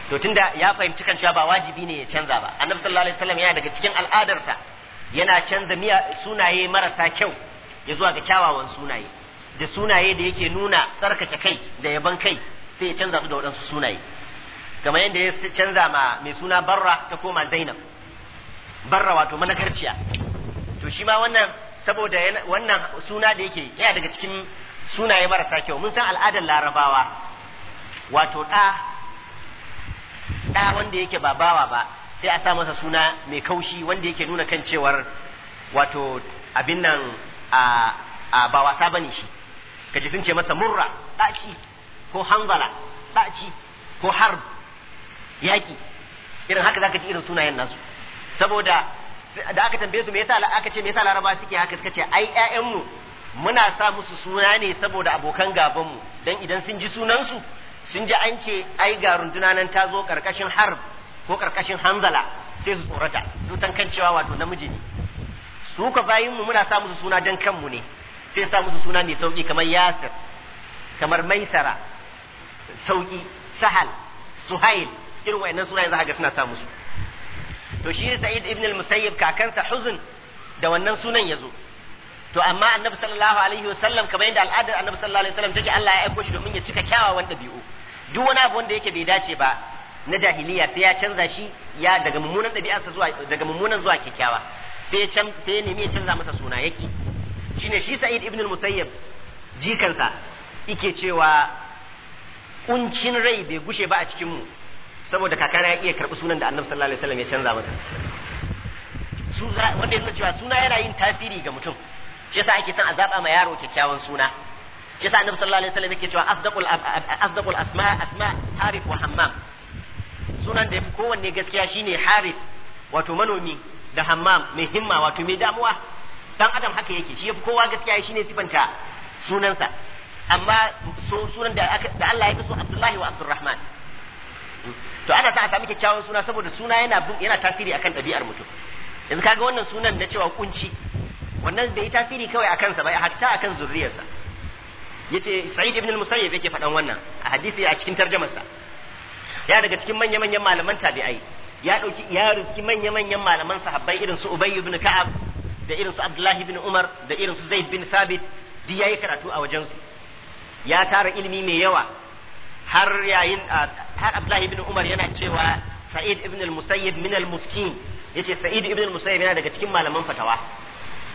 to tunda ya fahimci kan cewa ba wajibi ne ya canza ba annabi sallallahu alaihi wasallam yana daga cikin al'adarsa yana canza miya sunaye marasa kyau ya zuwa ga kyawawan sunaye da sunaye da yake nuna tsarkake kai da yaban kai sai ya canza su da waɗansu sunaye kamar yadda ya canza ma mai suna barra ta koma zainab barra wato manakarciya to shi ma wannan saboda wannan suna da yake yana daga cikin sunaye marasa kyau mun san al'adar larabawa wato ɗa ɗa wanda yake ba bawa ba sai a sa masa suna mai kaushi wanda yake nuna kan cewar wato abin nan a, ba wasa bane shi ji sun ce masa murra ɗaci ko hangala ɗaci ko harb yaƙi irin haka zaka ji irin sunayen nasu saboda da aka tambaye su me yasa aka ce me yasa laraba suke haka suka ce ai ƴaƴanmu muna sa musu suna ne saboda abokan gabanmu don idan sun ji sunansu sun ji an ce ai ga runduna nan ta zo karkashin harb ko karkashin hanzala sai su tsorata su tankan cewa wato namiji ne su ka bayinmu muna sa musu suna don kanmu ne sai sa musu suna mai sauki kamar yasir kamar maisara sauki sahal suhail irin wayannan suna za ga suna sa musu to shi sa'id ibn al-musayyib kakansa huzn da wannan sunan ya zo to amma annabi sallallahu alaihi wasallam kamar yadda al'adar annabi sallallahu alaihi wasallam take Allah ya aiko shi domin ya cika kyawawan dabi'u duk wani abu wanda yake bai dace ba na jahiliya sai ya canza shi ya daga mummunan dabi'arsa zuwa daga mummunan zuwa kyakkyawa sai ya can sai ya nemi ya canza masa suna yake shine shi Sa'id ibn al-Musayyib jikansa yake cewa kuncin rai bai gushe ba a cikin mu saboda kakana ya iya karɓi sunan da annabi sallallahu alaihi wasallam ya canza masa su wanda yana cewa suna yana yin tasiri ga mutum shi yasa ake son a zaba ma yaro kyakkyawan suna shi yasa annabi sallallahu alaihi wasallam yake cewa asdaqul asdaqul asma asma harif wa hammam sunan da kowanne gaskiya shine harif wato manomi da hammam mai himma wato mai damuwa dan adam haka yake shi yafi kowa gaskiya shine sifanta sunansa amma sunan da Allah ya fi so Abdullahi wa Abdurrahman to ana sa a sami kyakkyawan suna saboda suna yana yana tasiri akan ɗabi'ar mutum yanzu kaga wannan sunan na cewa kunci wannan bai yi tasiri kawai a kansa ba hatta akan zurriyarsa yace Sa'id ibn al-Musayyib yake faɗan wannan a hadisi a cikin tarjumarsa ya daga cikin manya manyan malaman tabi'ai ya dauki ya rufi manya manyan malaman sahabbai irin su Ubay ibn Ka'ab da irin su Abdullahi ibn Umar da irin su Zaid bin Thabit duk yayi karatu a wajen su ya tara ilimi mai yawa har yayin har Abdullahi ibn Umar yana cewa Sa'id ibn al-Musayyib min al-muftin yace Sa'id ibn al-Musayyib yana daga cikin malaman fatawa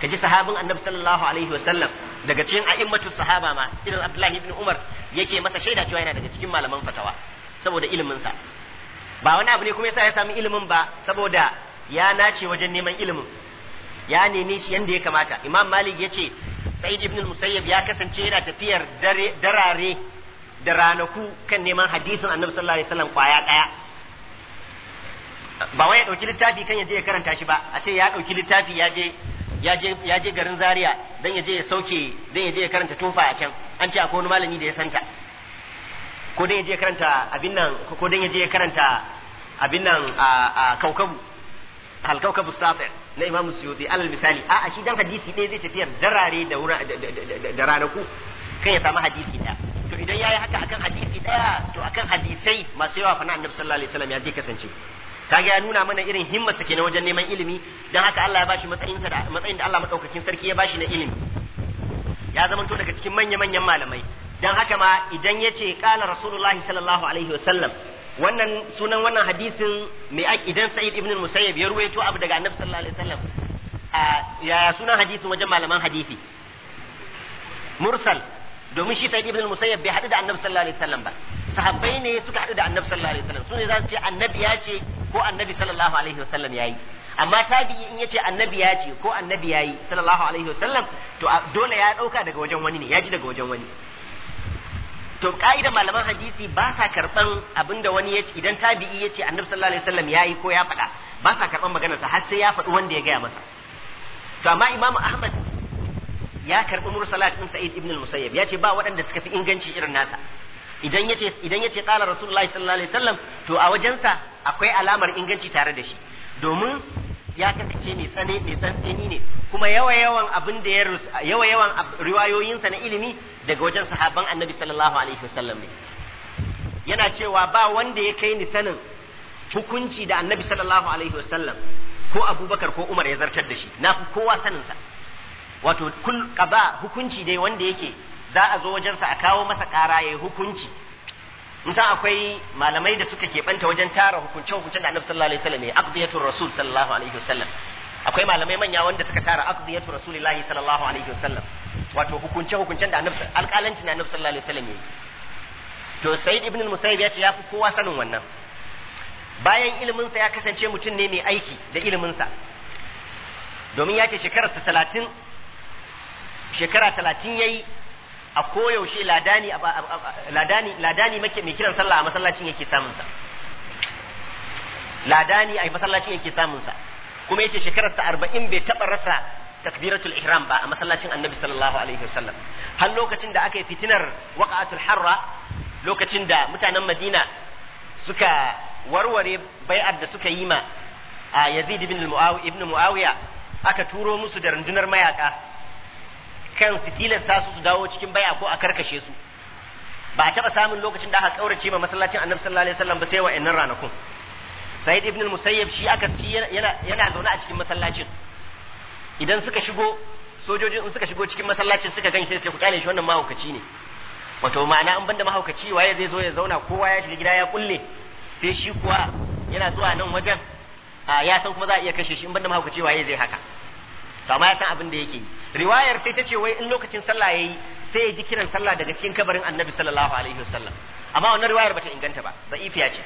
kaji sahabin annabi sallallahu alaihi wasallam daga cikin a'immatu sahaba ma idan abdullahi ibn umar yake masa shaida cewa yana daga cikin malaman fatawa saboda ilimin sa ba wani abu ne kuma yasa ya samu ilimin ba saboda ya nace wajen neman ilimin ya neme shi yanda ya kamata imam malik yace sa'id ibn musayyib ya kasance yana tafiyar darare da ranaku kan neman hadisin annabi sallallahu alaihi wasallam kwaya daya ba wai ya dauki littafi kan ya je ya karanta shi ba a ce ya dauki littafi ya je ya je garin Zaria don ya je ya sauke don ya je ya karanta tufa a can an ce akwai wani malami da ya santa ko don ya je ya karanta abin nan ko don ya je ya karanta abin nan a kaukabu al-kaukabu safi na Imam Suyuti alal misali a'a shi dan hadisi ɗaya zai tafiya darare da da ranaku kan ya samu hadisi ɗaya to idan ya yi haka akan hadisi ɗaya to akan hadisai masu yawa fa na Annabi sallallahu alaihi wasallam ya je kasance kaga ya nuna mana irin himmarsa kenan wajen neman ilimi dan haka Allah ya bashi matsayinsa da matsayin da Allah madaukakin sarki ya bashi na ilimi ya zama zamanto daga cikin manya-manyan malamai dan haka ma idan yace qala rasulullahi sallallahu alaihi wasallam wannan sunan wannan hadisin mai idan sa'id ibn musayyib ya ruwaito abu daga annabi sallallahu alaihi wasallam ya sunan hadisin wajen malaman hadisi mursal domin shi sa'id ibn musayyib bai hadu da annabi sallallahu alaihi wasallam ba sahabbai ne suka hadu da annabi sallallahu alaihi wasallam su ne za su ce annabi ya ce ko annabi sallallahu alaihi wasallam yayi amma tabi'i in yace annabi ya ce ko annabi yayi sallallahu alaihi wasallam to dole ya dauka daga wajen wani ne ya ji daga wajen wani to ka'idar malaman hadisi ba sa karban abinda wani yace idan tabi'i yace annabi sallallahu alaihi wasallam yayi ko ya faɗa ba sa karban sa har sai ya faɗi wanda ya gaya masa to amma imamu ahmad ya karbi mursalat din sa'id ibn al ya yace ba waɗanda suka fi inganci irin nasa idan yace idan yace qala rasulullahi sallallahu alaihi wasallam to a wajensa akwai alamar inganci tare da shi domin ya kasance mai tsane mai tsantseni ne kuma yawa yawan abin da ya yawa yawan riwayoyinsa na ilimi daga wajen sahabban annabi sallallahu alaihi wasallam ne yana cewa ba wanda ya kai ni sanin hukunci da annabi sallallahu alaihi wasallam ko abubakar ko umar ya zartar da shi na fi kowa saninsa wato kul qada hukunci dai wanda yake za a zo wajensa a kawo masa ƙara ya yi hukunci musan akwai malamai da suka keɓanta wajen tara hukunce hukuncen da annabi sallallahu alaihi wasallam ya aqdiyatul rasul sallallahu alaihi wasallam akwai malamai manya wanda suka tara aqdiyatul rasulillahi sallallahu alaihi wasallam wato hukunce hukuncen da annabi alƙalancin da annabi sallallahu alaihi wasallam to sayyid ibn musayyib ya ce yafi kowa sanin wannan bayan ilimin sa ya kasance mutum ne mai aiki da ilimin sa domin ya ce shekarar ta 30 shekara 30 yayi a koyaushe ladani ladani ladani mai kiran sallah a masallacin yake samun sa ladani a masallacin yake samun sa kuma yace shekarar ta 40 bai taba rasa takbiratul ihram ba a masallacin annabi sallallahu alaihi wasallam har lokacin da aka yi fitinar waqa'atul harra lokacin da mutanen madina suka warware bai'ar da suka yi ma a yazid ibn muawiya aka turo musu da rundunar mayaka kan fitilan tilasta su su dawo cikin baya ko a karkashe su ba a taɓa samun lokacin da aka kaurace ma masallacin annabi sallallahu alaihi wasallam ba sai wa'annan ranakun sa'id ibn musayyib shi aka ci yana zaune a cikin masallacin idan suka shigo sojojin in suka shigo cikin masallacin suka ganshi sai ce ku kyale shi wannan mahaukaci ne wato ma'ana an banda mahaukaci waye zai zo ya zauna kowa ya shiga gida ya kulle sai shi kuwa yana zuwa nan wajen ya san kuma za a iya kashe shi in banda mahaukaci waye zai haka to amma ya san abin da yake yi riwayar sai ta ce wai in lokacin sallah yayi sai ya ji kiran sallah daga cikin kabarin annabi sallallahu alaihi wasallam amma wannan riwayar bata inganta ba da'ifiya ce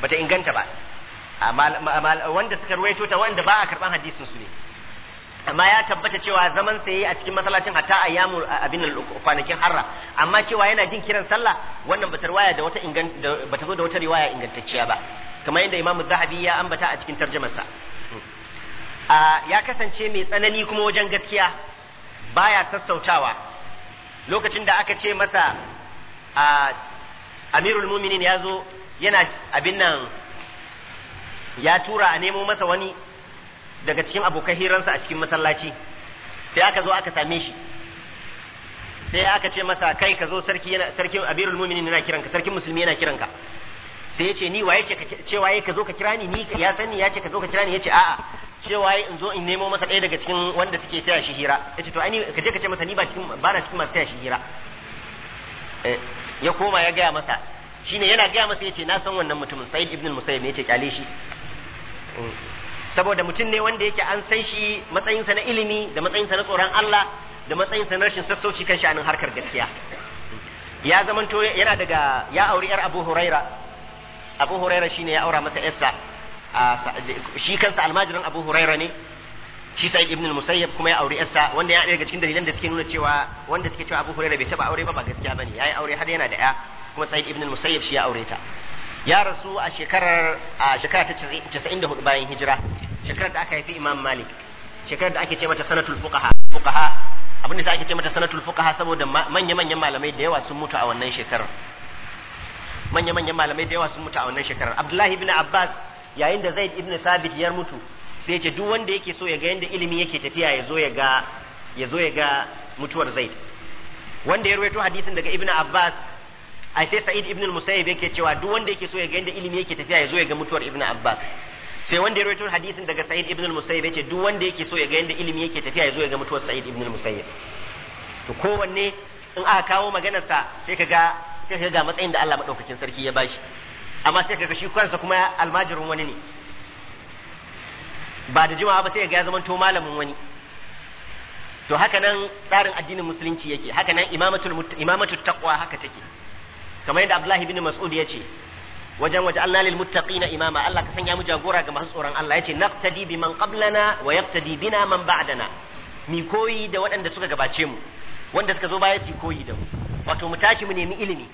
bata inganta ba wanda suka ruwaito ta wanda ba a karban hadisin su ne amma ya tabbata cewa zaman sa yayi a cikin masallacin hatta ayyamu abin kwanakin harra amma cewa yana jin kiran sallah wannan bata riwaya da wata inganta bata zo da wata riwaya ingantacciya ba kamar yadda Imam Zahabi ya ambata a cikin tarjumarsa ya kasance mai tsanani kuma wajen gaskiya baya sassautawa lokacin da aka ce masa amirul muminin ya zo yana abin nan ya tura a nemo masa wani daga cikin abokan hiransa a cikin masallaci sai aka zo aka same shi sai aka ce masa kai ka zo sarki yana sarki abirul mu'minin yana kiranka sarkin musulmi yana kiranka sai ya ce ni waye ce ka ce waye ka zo ka kira ni ni ya sani ya ce ka zo ka kira ni ya ce a'a cewa in zo in nemo masa ɗaya daga cikin wanda suke taya shi hira yace to ani kaje ka ce masa ni ba cikin ba na cikin masu taya shi hira eh, ya koma ya gaya masa shine yana gaya masa yace na san wannan mutumin Sa'id ibn al-Musayyib ne yace kyale shi mm. saboda mutum ne wanda yake an san shi matsayinsa na ilimi da matsayinsa na tsoron Allah da matsayinsa na rashin sassauci kan sha'anin harkar gaskiya ya zamanto yana daga ya auri yar Abu Huraira Abu Huraira shine ya aura masa yarsa shi kansa almajirin abu huraira ne shi sai ibn musayyab kuma ya aure yarsa wanda ya daga cikin dalilan da suke nuna cewa wanda suke cewa abu huraira bai taba aure ba ba gaskiya bane yayi aure har yana da ya kuma sai ibn musayyab shi ya aure ta ya rasu a shekarar a shekara ta 94 bayan hijira shekarar da aka haifi imam malik shekarar da ake ce mata sanatul fuqaha fuqaha abin da ake ce mata sanatul fuqaha saboda manya manyan malamai da yawa sun mutu a wannan shekarar manya manyan malamai da yawa sun mutu a wannan shekarar abdullahi ibn abbas yayin da zaid ibn sabit ya mutu sai ce duk wanda yake so ya ga yanda ilimi yake tafiya ya zo ya ga ya zo ya ga mutuwar zaid wanda ya rawaito hadisin daga ibn abbas ai sai sa'id ibn musayyib yake cewa duk wanda yake so ya ga yanda ilimi yake tafiya ya zo ya ga mutuwar ibn abbas sai wanda ya rawaito hadisin daga sa'id ibn musayyib yake duk wanda yake so ya ga yanda ilimi yake tafiya ya zo ya ga mutuwar sa'id ibn musayyib to kowanne in aka kawo maganarsa sai ka ga sai ka ga matsayin da Allah madaukakin sarki ya bashi amma sai kaga shi kansa kuma almajirin wani ne ba da jimawa ba sai ga ya zamanto malamin wani to haka nan tsarin addinin musulunci yake haka nan imamatul imamatul taqwa haka take kamar yadda Abdullahi bin Mas'ud yace wajen waje Allah lil muttaqina imama Allah ka sanya mu jagora ga masu tsoron Allah yace naqtadi biman qablana wa yaqtadi bina man ba'dana mi koyi da waɗanda suka gabace mu wanda suka zo baya su koyi da mu wato mu tashi mu nemi ilimi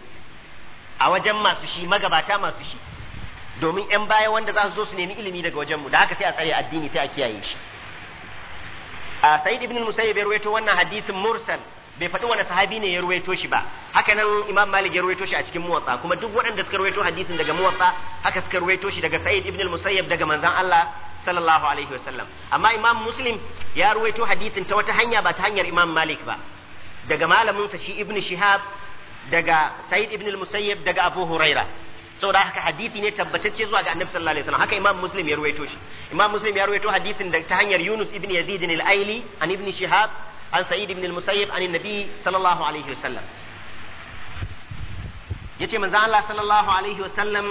a wajen masu shi magabata masu shi domin yan baya wanda za su zo su nemi ilimi daga wajen mu da haka sai a tsare addini sai a kiyaye shi a sa'id ibn musayyib ya ruwaito wannan hadisin mursal bai faɗi wani sahabi ne ya ruwaito shi ba haka nan imam malik ya ruwaito shi a cikin muwatsa kuma duk waɗanda suka ruwaito hadisin daga muwatsa haka suka ruwaito shi daga sa'id ibn musayyib daga manzon Allah sallallahu alaihi wasallam amma imam muslim ya ruwaito hadisin ta wata hanya ba ta hanyar imam malik ba daga malaminsa shi ibn shihab daga Sa'id ibn al-Musayyib daga Abu Huraira saboda haka hadisi ne tabbatacce zuwa ga Annabi sallallahu alaihi wasallam haka Imam Muslim ya ruwaito shi Imam Muslim ya ruwaito hadisin da ta hanyar Yunus ibn Yazid al-Aili an ibn Shihab an Sa'id ibn al-Musayyib an Nabi sallallahu alaihi wasallam yace manzo Allah sallallahu alaihi wasallam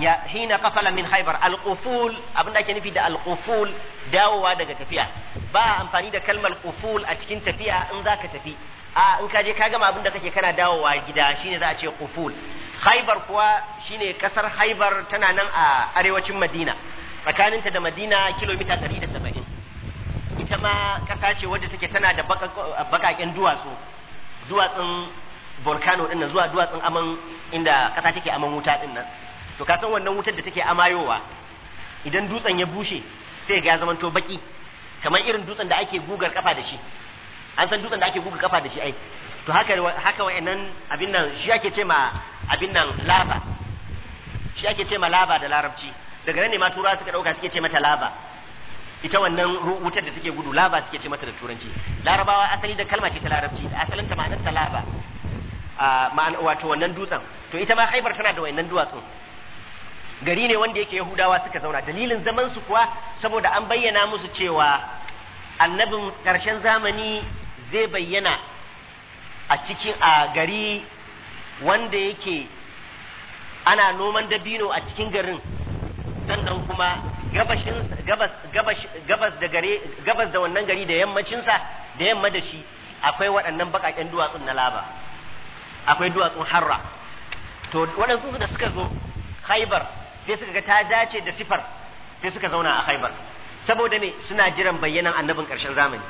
ya hina qafala min Khaybar al-quful abinda ake nufi da al-quful dawowa daga tafiya ba amfani da kalmar quful a cikin tafiya in zaka tafi a in ka je ka gama abin da kake kana dawowa gida shine za a ce quful haibar kuwa shine kasar haibar tana nan a arewacin madina tsakaninta da madina kilomita 170 ita ma kasa ce wadda take tana da bakaken duwatsu duwatsun volcano din zuwa duwatsun aman inda kasa take aman wuta din to ka san wannan wutar da take amayowa idan dutsen ya bushe sai ga zamanto baki kamar irin dutsen da ake gugar kafa da shi an san dutsen da ake buga kafa da shi ai to haka haka wayannan abin nan shi ake ce ma abin nan laba shi ake ce ma laba da larabci daga nan ne ma turawa suka dauka suke ce mata laba ita wannan wutar da take gudu laba suke ce mata da turanci larabawa asali da kalma ce ta larabci da asalin ta ma'anar ta laba ma'an wato wannan dutsen to ita ma haibar tana da wayannan duwatsun gari ne wanda yake yahudawa suka zauna dalilin zaman su kuwa saboda an bayyana musu cewa annabin ƙarshen zamani zai bayyana a cikin a gari wanda yake ana noman dabino a cikin garin sannan kuma gabas da wannan gari da yammacinsa da yamma da shi akwai waɗannan baƙaƙen duwatsun na laba akwai duwatsun harra to waɗansu da suka zo haibar sai suka ga ta dace da sifar sai suka zauna a haibar saboda me suna jiran bayyanan annabin ƙarshen zamani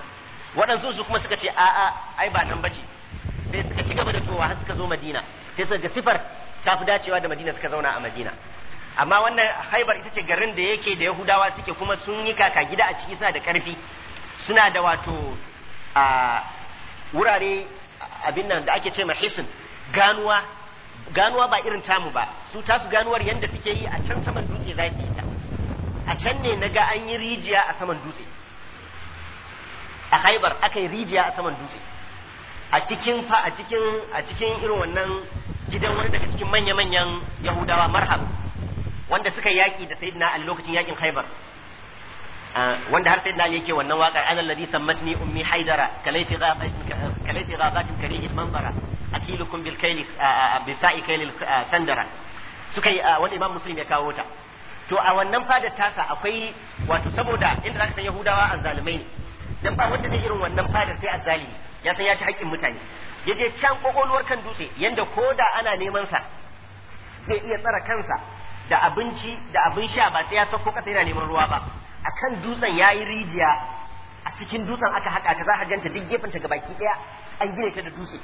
waɗansu su kuma suka ce a ai ba nan bace sai suka ci gaba da towa har suka zo madina sai suka ga sifar ta fi dacewa da madina suka zauna a madina amma wannan haibar ita ce garin da yake da yahudawa suke kuma sun yi kaka gida a ciki suna da karfi suna da wato a wurare abin nan da ake ce ma hisin ganuwa ganuwa ba irin tamu ba su tasu ganuwar yadda suke yi a can saman dutse za su yi ta a can ne na ga an yi rijiya a saman dutse a haibar aka yi rijiya a saman dutse a cikin fa a cikin a cikin irin wannan gidan wani daga cikin manya-manyan yahudawa marhab wanda suka yaƙi da sayyidina a lokacin yaƙin haibar wanda har sayyidina yake wannan waƙar anan ladhi sammatni ummi haidara kalaiti kalaiti ghabatin karihil manzara akilukum bil kayli bisa'i kaylil sandara suka yi wanda imam muslim ya kawo ta to a wannan fadar tasa akwai wato saboda inda zaka san yahudawa azzalumai ne dan ba wanda zai irin wannan fadar sai azzalimi ya san ya ci haƙƙin mutane ya je can kokolwar kan dutse yanda ko da ana neman sa zai iya tsara kansa da abinci da abin sha ba sai ya sauko kasa yana neman ruwa ba akan dutsen yayi rijiya a cikin dutsen aka haƙa ta za ka ganta duk gefen ta gabaki ɗaya an gine ta da dutse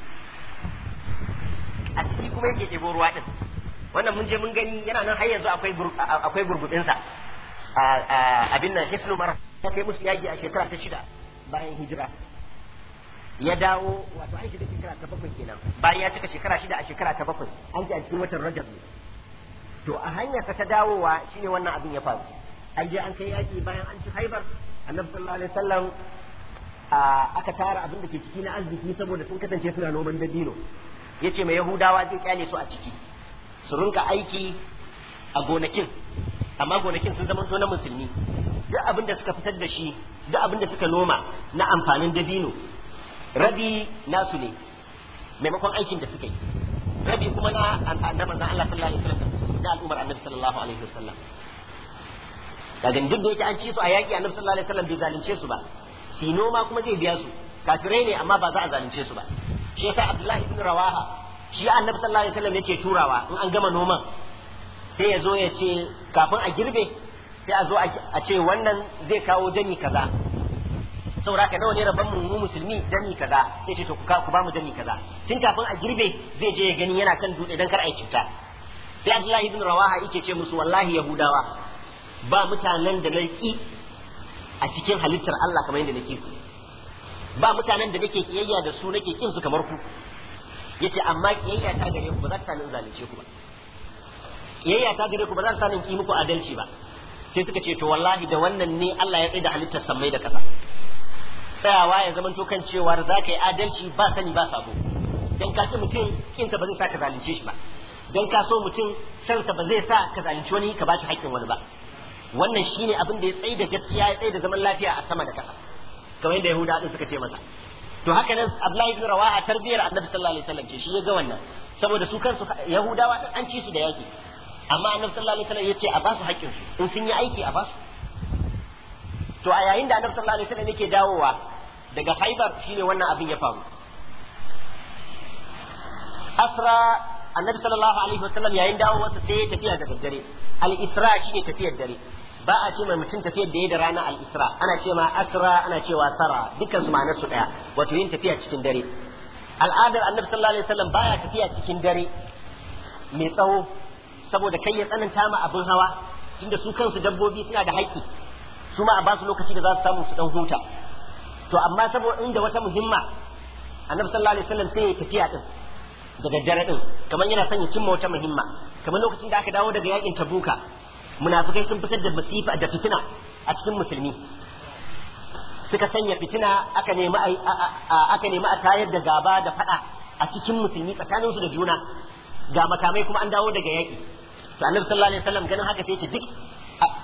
a ciki kuma yake ɗebo ruwa din wannan mun je mun gani yana nan har yanzu akwai akwai a abin nan hisnu mara ta kai musu yaji a shekara ta shida bayan hijira ya dawo wato an shiga shekara ta bakwai kenan bayan ya cika shekara shida a shekara ta bakwai an ji a cikin watan rajab ne to a hanyarsa ta dawowa shine wannan abin ya faru an je an kai yaki bayan an ci haibar annabi sallallahu alaihi wasallam aka tara abin da ke ciki na arziki saboda sun kasance suna noman dabino yace mai yahudawa zai kyale su a ciki su rinka aiki a gonakin amma gonakin sun zama na musulmi duk abin da suka fitar da shi da abin da suka noma na amfanin dabino rabi nasu ne maimakon aikin da suka yi rabi kuma na na manzon Allah sallallahu alaihi wasallam da al'ummar annabi sallallahu alaihi wasallam daga duk da yake an ci su a yaki annabi sallallahu alaihi wasallam bai zalunce su ba su noma kuma zai biya su kafirai ne amma ba za a zalunce su ba shi yasa Abdullahi ibn Rawaha shi annabi sallallahu alaihi wasallam yake turawa in an gama noman sai ya zo ya ce kafin a girbe sai a zo a ce wannan zai kawo dami kaza saboda ka nawa ne rabon mu mu musulmi dami kaza sai ce to ku ku ba mu dami kaza tun kafin a girbe zai je ya gani yana kan dutse dan kar a yi cuta sai Abdullahi ibn Rawaha yake ce musu wallahi Yahudawa ba mutanen da naki a cikin halittar Allah kamar yadda nake ku ba mutanen da nake kiyayya da su nake kin su kamar ku yace amma kiyayya ta gare ku ba za ta sani zalunce ku ba kiyayya ta gare ku ba za ta sani ki muku adalci ba sai suka ce to wallahi da wannan ne Allah ya tsaida halittar sammai da ƙasa tsayawa ya zama kan cewa za ka yi adalci ba sani ba sabo Dan ka ki mutum Kinta ba zai sa ka zalunce shi ba Dan ka so mutum sansa ba zai sa ka zalunci wani ka bashi haƙƙin wani ba wannan shine abin da ya tsaida gaskiya ya tsaida zaman lafiya a sama da ƙasa kamar yadda Yahuda din suka ce masa to haka nan Abdullahi ibn Rawaha tarbiyar Annabi sallallahu alaihi wasallam ce shi ya ga wannan saboda su kansu Yahudawa an ci su da yaki amma annabi sallallahu alaihi wasallam yace a basu haƙƙin su in sun yi aiki a basu to a yayin da annabi sallallahu alaihi wasallam yake dawowa daga Khaibar shine wannan abin ya faru asra annabi sallallahu alaihi wasallam yayin dawowarsa sai ya tafiya da daddare al-isra shine tafiyar dare ba a ce mai mutum tafiyar da ya da rana al-isra ana ce ma asra ana cewa sara dukkan su ma'anar su daya wato yin tafiya cikin dare al'adar annabi sallallahu alaihi wasallam baya tafiya cikin dare mai tsawo saboda kai ya tsananta ma abin hawa tunda su kansu dabbobi suna da haƙƙi su ma a ba su lokaci da za su samu su dan huta to amma saboda inda wata muhimma annabi sallallahu alaihi wasallam sai ya tafiya din da daddare din kamar yana sanya ya cimma wata muhimma kamar lokacin da aka dawo daga yakin tabuka munafikai sun fitar da masifa da fitina a cikin musulmi suka sanya fitina aka nemi aka nemi a tayar da gaba da fada a cikin musulmi tsakaninsu da juna ga makamai kuma an dawo daga yaki to annabi sallallahu alaihi wasallam ganin haka sai ya ce duk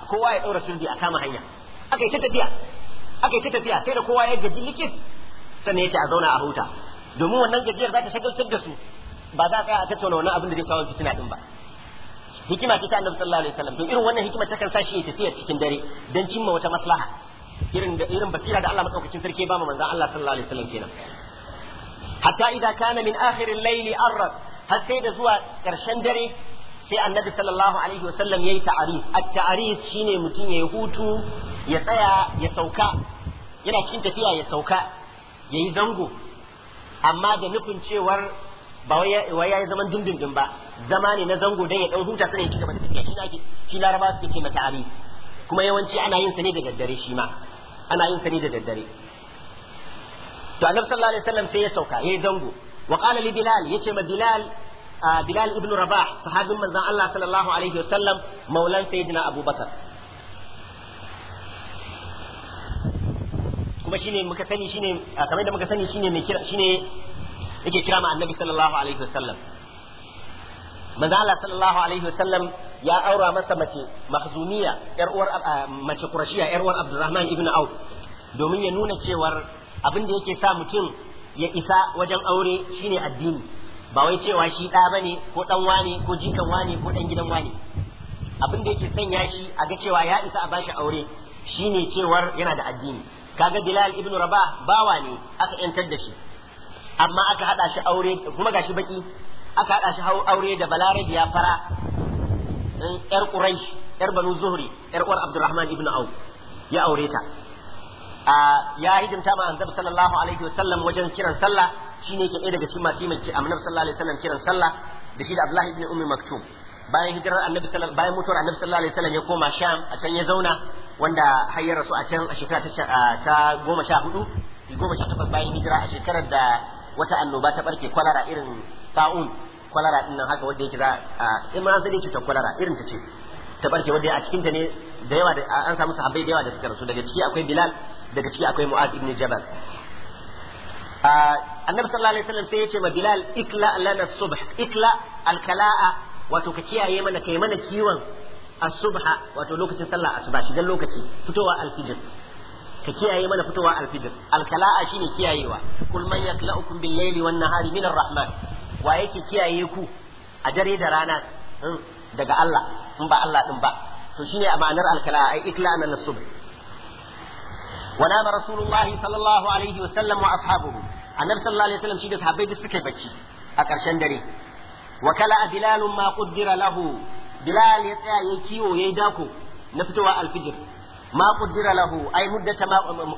kowa ya daura sirdi a kama hanya aka yi ta tafiya aka yi ta tafiya sai da kowa ya gaji likis sannan ya ce a zauna a huta domin wannan gajiyar za ta shagaltar da su ba za a tsaya a tattauna wannan abin da zai kawo fitina din ba hikima ce ta annabi sallallahu alaihi wasallam to irin wannan hikima takan sa shi ya tafiya cikin dare dan cimma wata maslaha irin da irin basira da Allah madaukakin sarki ba mu manzon Allah sallallahu alaihi wasallam kenan hatta idan kana min akhir al-layl arras har sai da zuwa karshen dare sai annabi sallallahu alaihi wasallam yayi ta'arif at-ta'arif shine mutum yayi hutu ya tsaya ya sauka yana cikin tafiya ya sauka yayi zango amma da nufin cewar ba wai ya yayi zaman dindindin ba zama ne na zango dan ya dau huta sai ya ci gaba tafiya shi ake shi laraba suke ce mata ari kuma yawanci ana yin sa ne da daddare shi ma ana yin sa ne da daddare to annabi sallallahu alaihi wasallam sai ya sauka yayi zango wa qala li bilal yace ma bilal Bilal ibn Rabah sahabin manzon Allah sallallahu alaihi wasallam maulan sayyidina Abubakar kuma shine muka sani shine kamar da muka sani shine mai kira shine yake kira ma annabi sallallahu alaihi wasallam manzon Allah sallallahu alaihi wasallam ya aura masa mace mahzuniya yar uwar mace qurashiya yar uwar Abdurrahman ibn Auf domin ya nuna cewar abin da yake sa mutum ya isa wajen aure shine addini ba wai cewa shi ɗa bane ko ɗan wane ko jikan wane ko ɗan gidan wane abin da yake sanya shi a ga cewa ya isa a bashi aure shi ne cewar yana da addini kaga Bilal ibn Raba bawa ne aka yantar da shi amma aka hada shi aure kuma gashi baki aka hada shi aure da Balarabi ya fara yar Quraish yar Banu Zuhri yar uwar Abdurrahman ibn Auf ya aureta. ya hidimta ma Annabi sallallahu alaihi wasallam wajen kiran sallah shine yake ɗaya daga cikin masu mai annabi sallallahu alaihi wasallam kiran sallah da shi da Abdullahi ibn Ummi Maktum bayan hijirar annabi sallallahu bayan mutuwar annabi sallallahu alaihi wasallam ya koma Sham a can ya zauna wanda har ya rasu a can a shekara ta goma sha hudu goma sha takwas bayan hijira a shekarar da wata annoba ta barke kwalara irin ta'un kwalara din nan haka wanda yake za a imran sai cutar kwalara irin ta ce ta barke wanda a cikin ta ne da yawa an samu sahabbai da yawa da suka rasu daga ciki akwai Bilal daga ciki akwai mu'ad ibn Jabal annabi sallallahu alaihi wasallam sai ya ce ma bilal ikla lana subh ikla alkala'a wato ka kiyaye mana kai mana kiwon asubha wato lokacin sallah asuba shigan dan lokaci fitowa alfijir ka kiyaye mana fitowa alfijir alkala'a shine kiyayewa kul man yakla'ukum bil laili wan nahari min rahman wa yake kiyaye ku a dare da rana daga Allah in ba Allah din ba to shine a ma'anar alkala'a ai ikla'ana lis-subh wa nama rasulullahi sallallahu alaihi wa sallam wa ashabuhu annabi sallallahu alaihi wasallam shi da sahabbai duk suka bacci a ƙarshen dare wa kala bilalun ma qaddara lahu bilal ya tsaya ya kiwo yayi dako na fitowa alfijir ma qaddara lahu ai muddata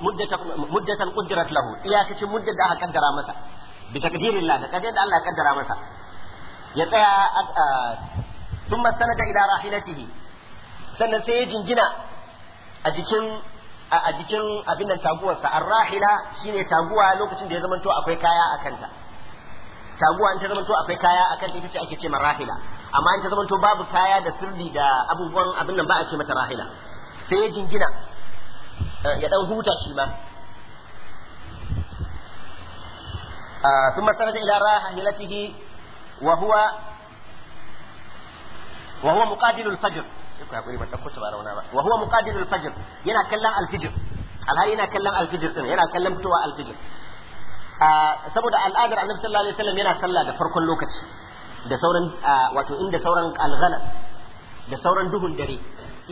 muddata muddatan qaddarat lahu iyakacin muddar da aka kaddara masa bi takdirillah da kaddar da Allah ya kaddara masa ya tsaya thumma sanada ila rahilatihi sannan sai ya jingina a jikin a jikin abin nan taguwarsa arrahila shine taguwa lokacin da ya zamanto akwai kaya a kanta taguwa in ta zamanto akwai kaya a kanta ita ce ake ce rahila amma in ta zamanto babu kaya da sirri da abubuwan abin nan ba a ce mata rahila sai ya jingina eh, ya dan huta shi ma ah, ila rahilatihi wa huwa wa huwa muqabilul fajr sai ku hakuri ban dauko ta ba rauna ba wa huwa muqabilul fajr yana kallon alfijir alhali yana kallon alfijir din yana kallon fitowa alfijir ah, saboda al'adar annabi sallallahu alaihi wasallam yana sallah da farkon lokaci da sauran ah, wato inda sauran al alghanas da sauran duhun dare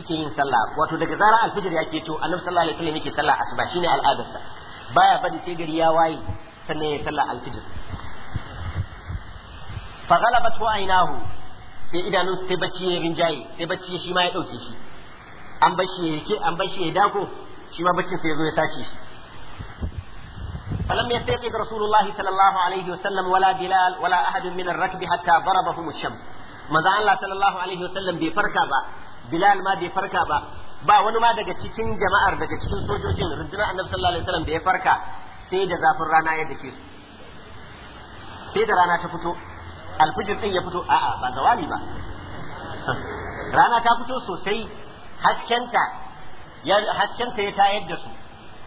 yake yin sallah wato daga zarar alfijir ya ke to annabi sallallahu alaihi wasallam yake sallah asuba shine al'adarsa baya bari sai gari ya waye sannan ya sallah alfijir fa ghalabat aynahu sai idanun sai bacci ya rinjaye sai bacci shi ma ya dauke shi an bashi ya ce an bashi ya dako shi ma bacci sai ya zo ya sace shi فلم يستيقظ رسول الله صلى الله عليه وسلم ولا بلال ولا أحد من الركب حتى ضربهم الشمس ماذا الله صلى الله عليه وسلم بفركة با بلال ما بفركة با با wani ma daga cikin jama'ar daga cikin sojojin rundunar annabi sallallahu alaihi wasallam bai farka sai da zafin rana ya dake su sai da rana ta fito alfijir din ya fito a'a ba zawali ba rana ta fito sosai haskenta ya haskenta ya tayar da su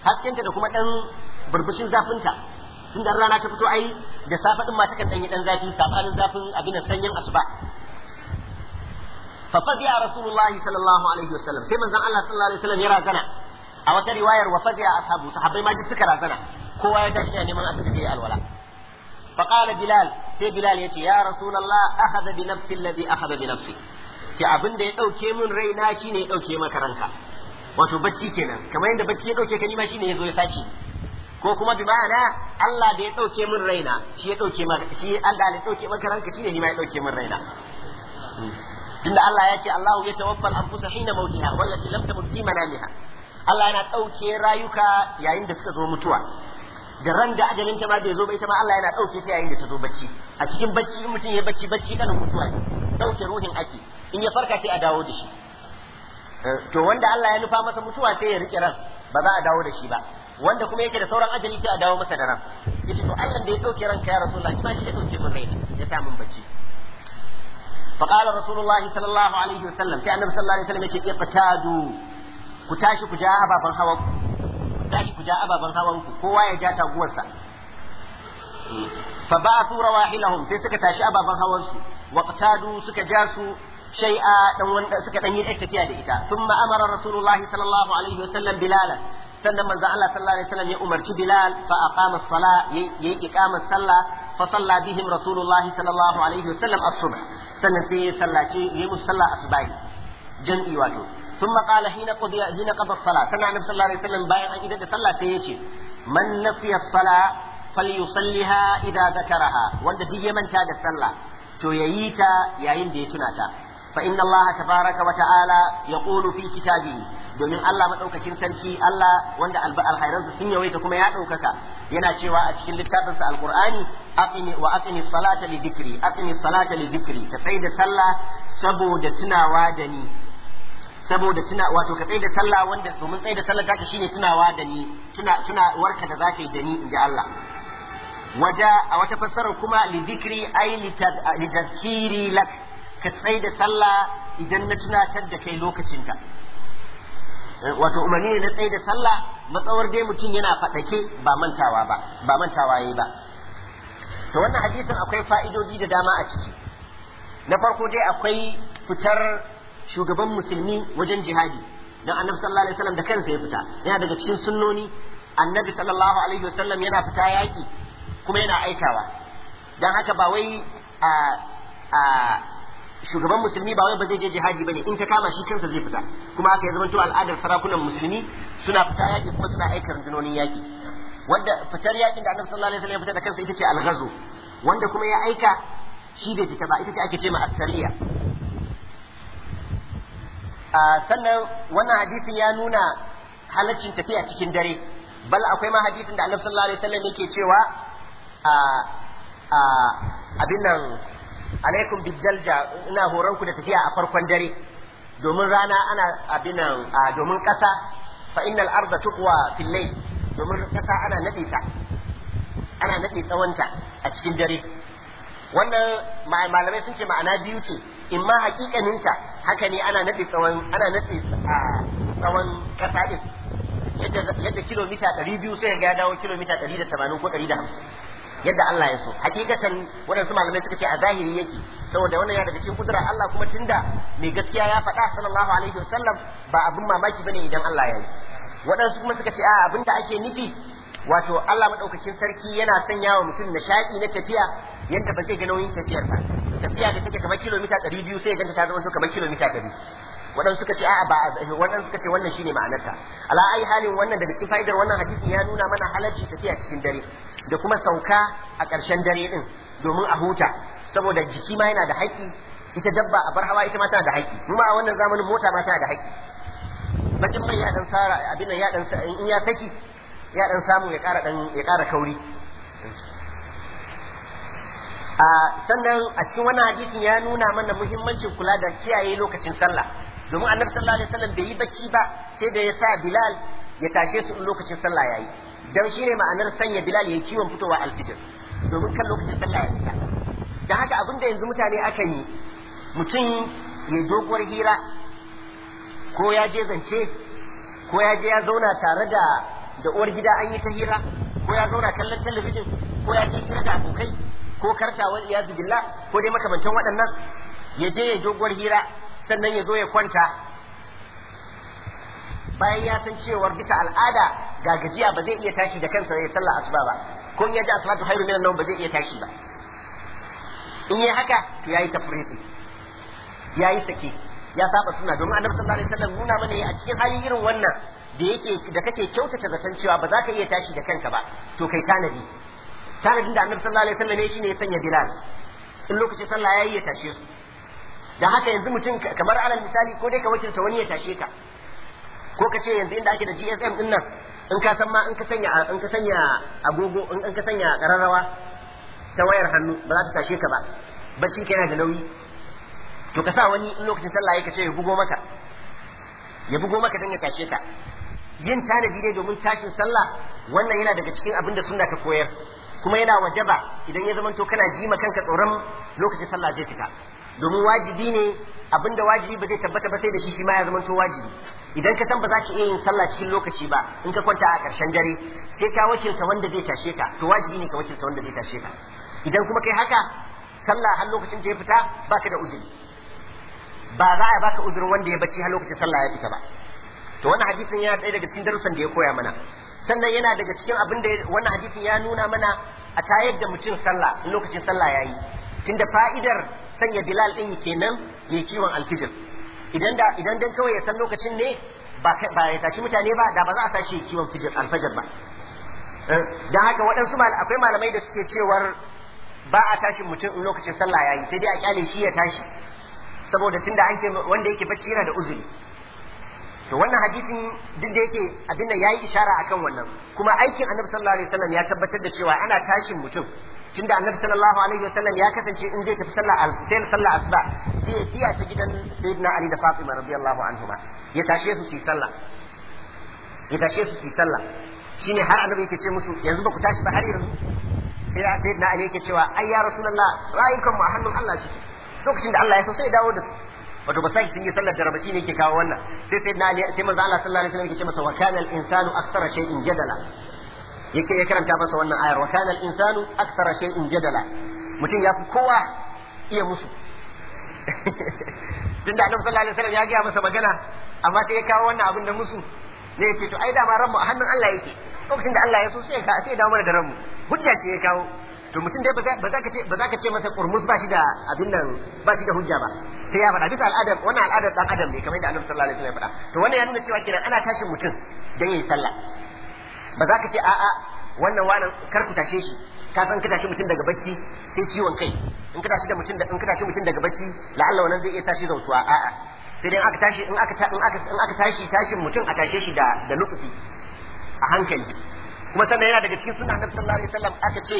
haskenta da kuma dan burbushin zafinta da rana ta fito ai da safe din ma ta kan yi dan zafi sabanin zafin abin da sanyin asuba fa fazi'a rasulullahi sallallahu alaihi wasallam sai manzon Allah sallallahu alaihi wasallam ya razana a wata riwayar wa fazi'a ashabu sahabbai ma duk suka razana kowa ya tashi yana neman abin da zai alwala faqala bilal sai bilal yace ya rasulullah akhadha bi nafsi alladhi akhadha bi nafsi ce abin da ya dauke min raina ne ya ɗauke maka ranka wato bacci kenan kamar yadda bacci ya ɗauke ka nima shi ne ya zo ya sace ko kuma bi ma'ana Allah da ya dauke min raina shi ya ɗauke maka shi Allah da ya ɗauke maka ranka ne nima ya dauke min raina tunda Allah ya ce Allahu ya tawaffal anfusa hina mautiha wallati lam tamut fi manamiha Allah yana ɗauke rayuka yayin da suka zo mutuwa da ran da ajalin ta ma bai zo ba ita ma Allah yana ɗauke ta yayin da ta zo bacci a cikin bacci in mutum ya bacci bacci kana mutuwa ne ɗauke ruhin ake in ya farka sai a dawo da shi eh, to wanda Allah ya nufa masa mutuwa sai ya rike ran ba za a dawo da shi ba wanda kuma yake da sauran ajali sai a dawo masa da ran yace to Allah da ya ɗauke ranka ya rasulullah kuma shi ya ɗauke min raina ya sa min bacci فقال رسول الله صلى الله عليه وسلم sai annabi sallallahu alaihi wasallam yace iqtadu ku tashi ku ja ababan hawan tashi ku ja ababen hawan ku kowa ya ja taguwarsa fa ba'athu rawahilahum sai suka tashi ababen hawan su waqtadu suka ja su shay'a dan wanda suka dan yi tafiya da ita thumma amara rasulullahi sallallahu alaihi wasallam bilalan sannan manzo Allah sallallahu alaihi wasallam ya umarci Bilal fa aqama as-sala yayi iqamar sallah fa salla bihim Rasulullah sallallahu alaihi wasallam as-subh sannan sai ya sallaci ya musu sallah asbahi jam'i wato ثم قال حين قضي حين قضى الصلاة سنة النبي صلى الله عليه وسلم بايع أن إذا صلى سيأتي من نسي الصلاة فليصليها ya ذكرها وند دي من تاد الصلاة تو ييتا يين دي تناتا فإن الله تبارك وتعالى يقول في كتابه domin Allah madaukakin sarki Allah wanda alkhairansa sun yawaita kuma ya daukaka yana cewa a cikin littafinsa alqur'ani aqimi wa aqimi salata li dhikri aqimi salata li dhikri sai da sallah saboda tunawa da ni saboda tuna wato ka tsaye da sallah wanda domin tsaye da sallah taka shine tunawa da ni tuna tunawarka da zaka yi da ni inji Allah waja a wata fassarar kuma li dhikri ay li tadhkiri lak ka tsaye da sallah idan na tunatar da kai lokacinta eh, wato umarni ne na tsaye da sallah matsawar dai mutum yana fadake ba mantawa ba ba mantawa yayi ba to wannan hadisin akwai fa'idodi da dama a ciki na farko dai akwai fitar shugaban musulmi wajen jihadi dan annabi sallallahu alaihi wasallam da kansa ya fita yana daga cikin sunnoni annabi sallallahu alaihi wasallam yana fita yaki kuma yana aikawa dan haka ba wai a a shugaban musulmi ba wai ba zai je jihadi bane in ta kama shi kansa zai fita kuma haka ya zamanto al'adar sarakunan musulmi suna fita yaki kuma suna aika rundunonin yaki wanda fitar yakin da annabi sallallahu alaihi wasallam ya fita da kansa ita ce al-ghazu wanda kuma ya aika shi bai fita ba ita ce ake ce ma as-sariya sannan wannan hadisin ya nuna halaccin tafiya cikin dare bal akwai ma hadisin da annabi sallallahu alaihi wasallam yake cewa a a abin nan alaikum bidjalja ina horon ku da tafiya a farkon dare domin rana ana abin nan domin kasa fa innal arda tuqwa fil layl domin kasa ana nade ta ana nade tsawonta a cikin dare wannan malamai sun ce ma'ana biyu ce in ma hakikaninta haka ne ana nufi tsawon ana nufi ah, tsawon ƙasa din yadda kilomita ɗari biyu sai ga dawo kilomita ɗari da tamanin ko ɗari da hamsin yadda Allah ya so hakikatan waɗansu malamai suka ce a zahiri yake saboda wannan ya daga cikin kudura Allah kuma tunda mai gaskiya ya faɗa sallallahu alaihi wasallam ba abin mamaki bane idan Allah ya yi waɗansu kuma suka ce a abin ake nufi wato Allah maɗaukakin sarki yana sanya wa mutum nishaɗi na tafiya yadda ba zai ga nauyin tafiyar ba tafiya da take kamar kilomita ɗari biyu sai ya ganta ta zama to kamar kilomita ɗari waɗansu suka ce a'a ba waɗansu suka ce wannan shine ma'anarta ala ai halin wannan daga cikin fa'idar wannan hadisin ya nuna mana halarci tafiya cikin dare da kuma sauka a ƙarshen dare din domin a huta saboda jiki ma yana da haƙƙi ita dabba a bar hawa ita ma tana da haƙƙi kuma a wannan zamanin mota ma tana da haƙƙi bakin mai ya dan sara abin nan ya in ya saki ya dan samu ya kara dan ya kara kauri a sannan a cikin wannan hadisin ya nuna mana muhimmancin kula da kiyaye lokacin sallah domin annabi sallallahu alaihi wasallam bai yi bacci ba sai da ya sa bilal ya tashe su lokacin sallah yayi dan shine ma'anar sanya bilal yayi kiwon fitowa alfijir domin kan lokacin sallah ya fita da haka abin da yanzu mutane aka yi mutum ya doguwar hira ko ya je zance ko ya je ya zauna tare da da uwar gida an yi ta hira ko ya zauna kallon talabijin ko ya je hira da abokai ko karta wal iyazu ko dai makamancin waɗannan ya je ya doguwar hira sannan ya zo ya kwanta bayan ya san cewar bisa al'ada ga gajiya ba zai iya tashi da kansa ya sallah asuba ba ko in ya ji asalatu hairu minan nawa ba zai iya tashi ba in yi haka to ya yi yayi ya yi sake ya saba suna domin annabi sallallahu alaihi wasallam nuna mana a cikin hali irin wannan da yake da kake kyautata zaton cewa ba za ka iya tashi da kanka ba to kai tanadi tanadin da annabi sallallahu alaihi wasallam shine ya sanya bilal in lokacin sallah yayi ya tashe su da haka yanzu mutum kamar alal misali ko dai ka wakilta wani ya tashe ka ko ka ce yanzu inda ake da GSM din nan in ka san ma in ka sanya in ka sanya agogo in ka sanya kararrawa ta wayar hannu ba za ta tashe ka ba bacci ka yana da nauyi to ka sa wani in lokacin sallah yake ce ya bugo maka ya bugo maka dan ya tashe ka yin tanadi ne domin tashin sallah wannan yana daga cikin abin da sunna ta koyar kuma yana wajaba idan ya zamanto kana ji ma kanka tsoron lokacin sallah zai fita domin wajibi ne abin da wajibi ba zai tabbata ba sai da shi shi ma ya zamanto wajibi idan ka san ba za ka iya yin sallah cikin lokaci ba in ka kwanta a ƙarshen dare sai ka wakilta wanda zai tashe ka to wajibi ne ka wakilta wanda zai tashe ka idan kuma kai haka sallah har lokacin ta ya fita baka da uzuri ba za a baka uzurin wanda ya bacci har lokacin sallah ya fita ba to wannan hadisin ya ɗaya daga cikin darussan da ya koya mana sannan yana daga cikin abin da wannan hadisin ya nuna mana a tayar da mutum sallah in lokacin sallah yayi tunda fa'idar sanya bilal din kenan yayi kiwon alfijir idan da idan dan kawai ya san lokacin ne ba ba ya tashi mutane ba da ba za a tashi kiwon fijir alfajir ba eh, dan haka waɗansu akwai malamai da suke cewar ba a tashi mutum in lokacin sallah yayi sai dai a kyale shi ya tashi saboda tunda an ce wanda yake bacci yana da uzuri to wannan hadisin duk da yake abin nan yi ishara a kan wannan kuma aikin annabi sallallahu alaihi wasallam ya tabbatar da cewa ana tashin mutum tunda annabi sallallahu alaihi wasallam ya kasance in zai tafi sallah sai sallah asuba sai ya tiya ta gidan sayyidina ali da fatima radiyallahu anhuma ya tashe su su sallah ya tashe su su sallah shine har annabi yake ce musu yanzu ba ku tashi ba har yanzu sai da sayyidina ali yake cewa ai ya rasulullah rayukan mu a hannun Allah shi lokacin da Allah ya so sai ya dawo da su wato ba sai sun yi sallar daraba shine yake kawo wannan sai sai na sai manzo Allah sallallahu alaihi wasallam yake ce masa wa kana al insanu aktsara shay'in jadala yake ya karanta masa wannan ayar wa kana al insanu aktsara shay'in jadala mutum ya fi kowa iya musu (laughs) tunda annabi sallallahu alaihi wasallam ya ga masa magana amma sai ya kawo wannan abin da musu ne yace to ai da ma ranmu a hannun Allah yake lokacin da Allah ya so sai ka sai dawo mana da ranmu hujja ce ya kawo to mutum dai ba za ka ce ba za ka ce masa kurmus ba shi da abin nan ba shi da hujja ba sai ya faɗa bisa al'adar wannan al'adar dan adam ne kamar da annabi sallallahu alaihi wasallam ya faɗa to wannan ya nuna cewa kiran ana tashin mutum dan yayi sallah ba za ka ce a'a wannan wannan kar ku tashe shi ka san ka tashi mutum daga bacci sai ciwon kai in ka tashi da mutum in ka tashi mutum daga bacci la'alla wannan zai iya tashi zautuwa a'a sai dai aka tashi in aka in aka in aka tashi tashin mutum a tashe shi da da nutsi a hankali kuma sannan yana daga cikin sunan annabi sallallahu alaihi wasallam aka ce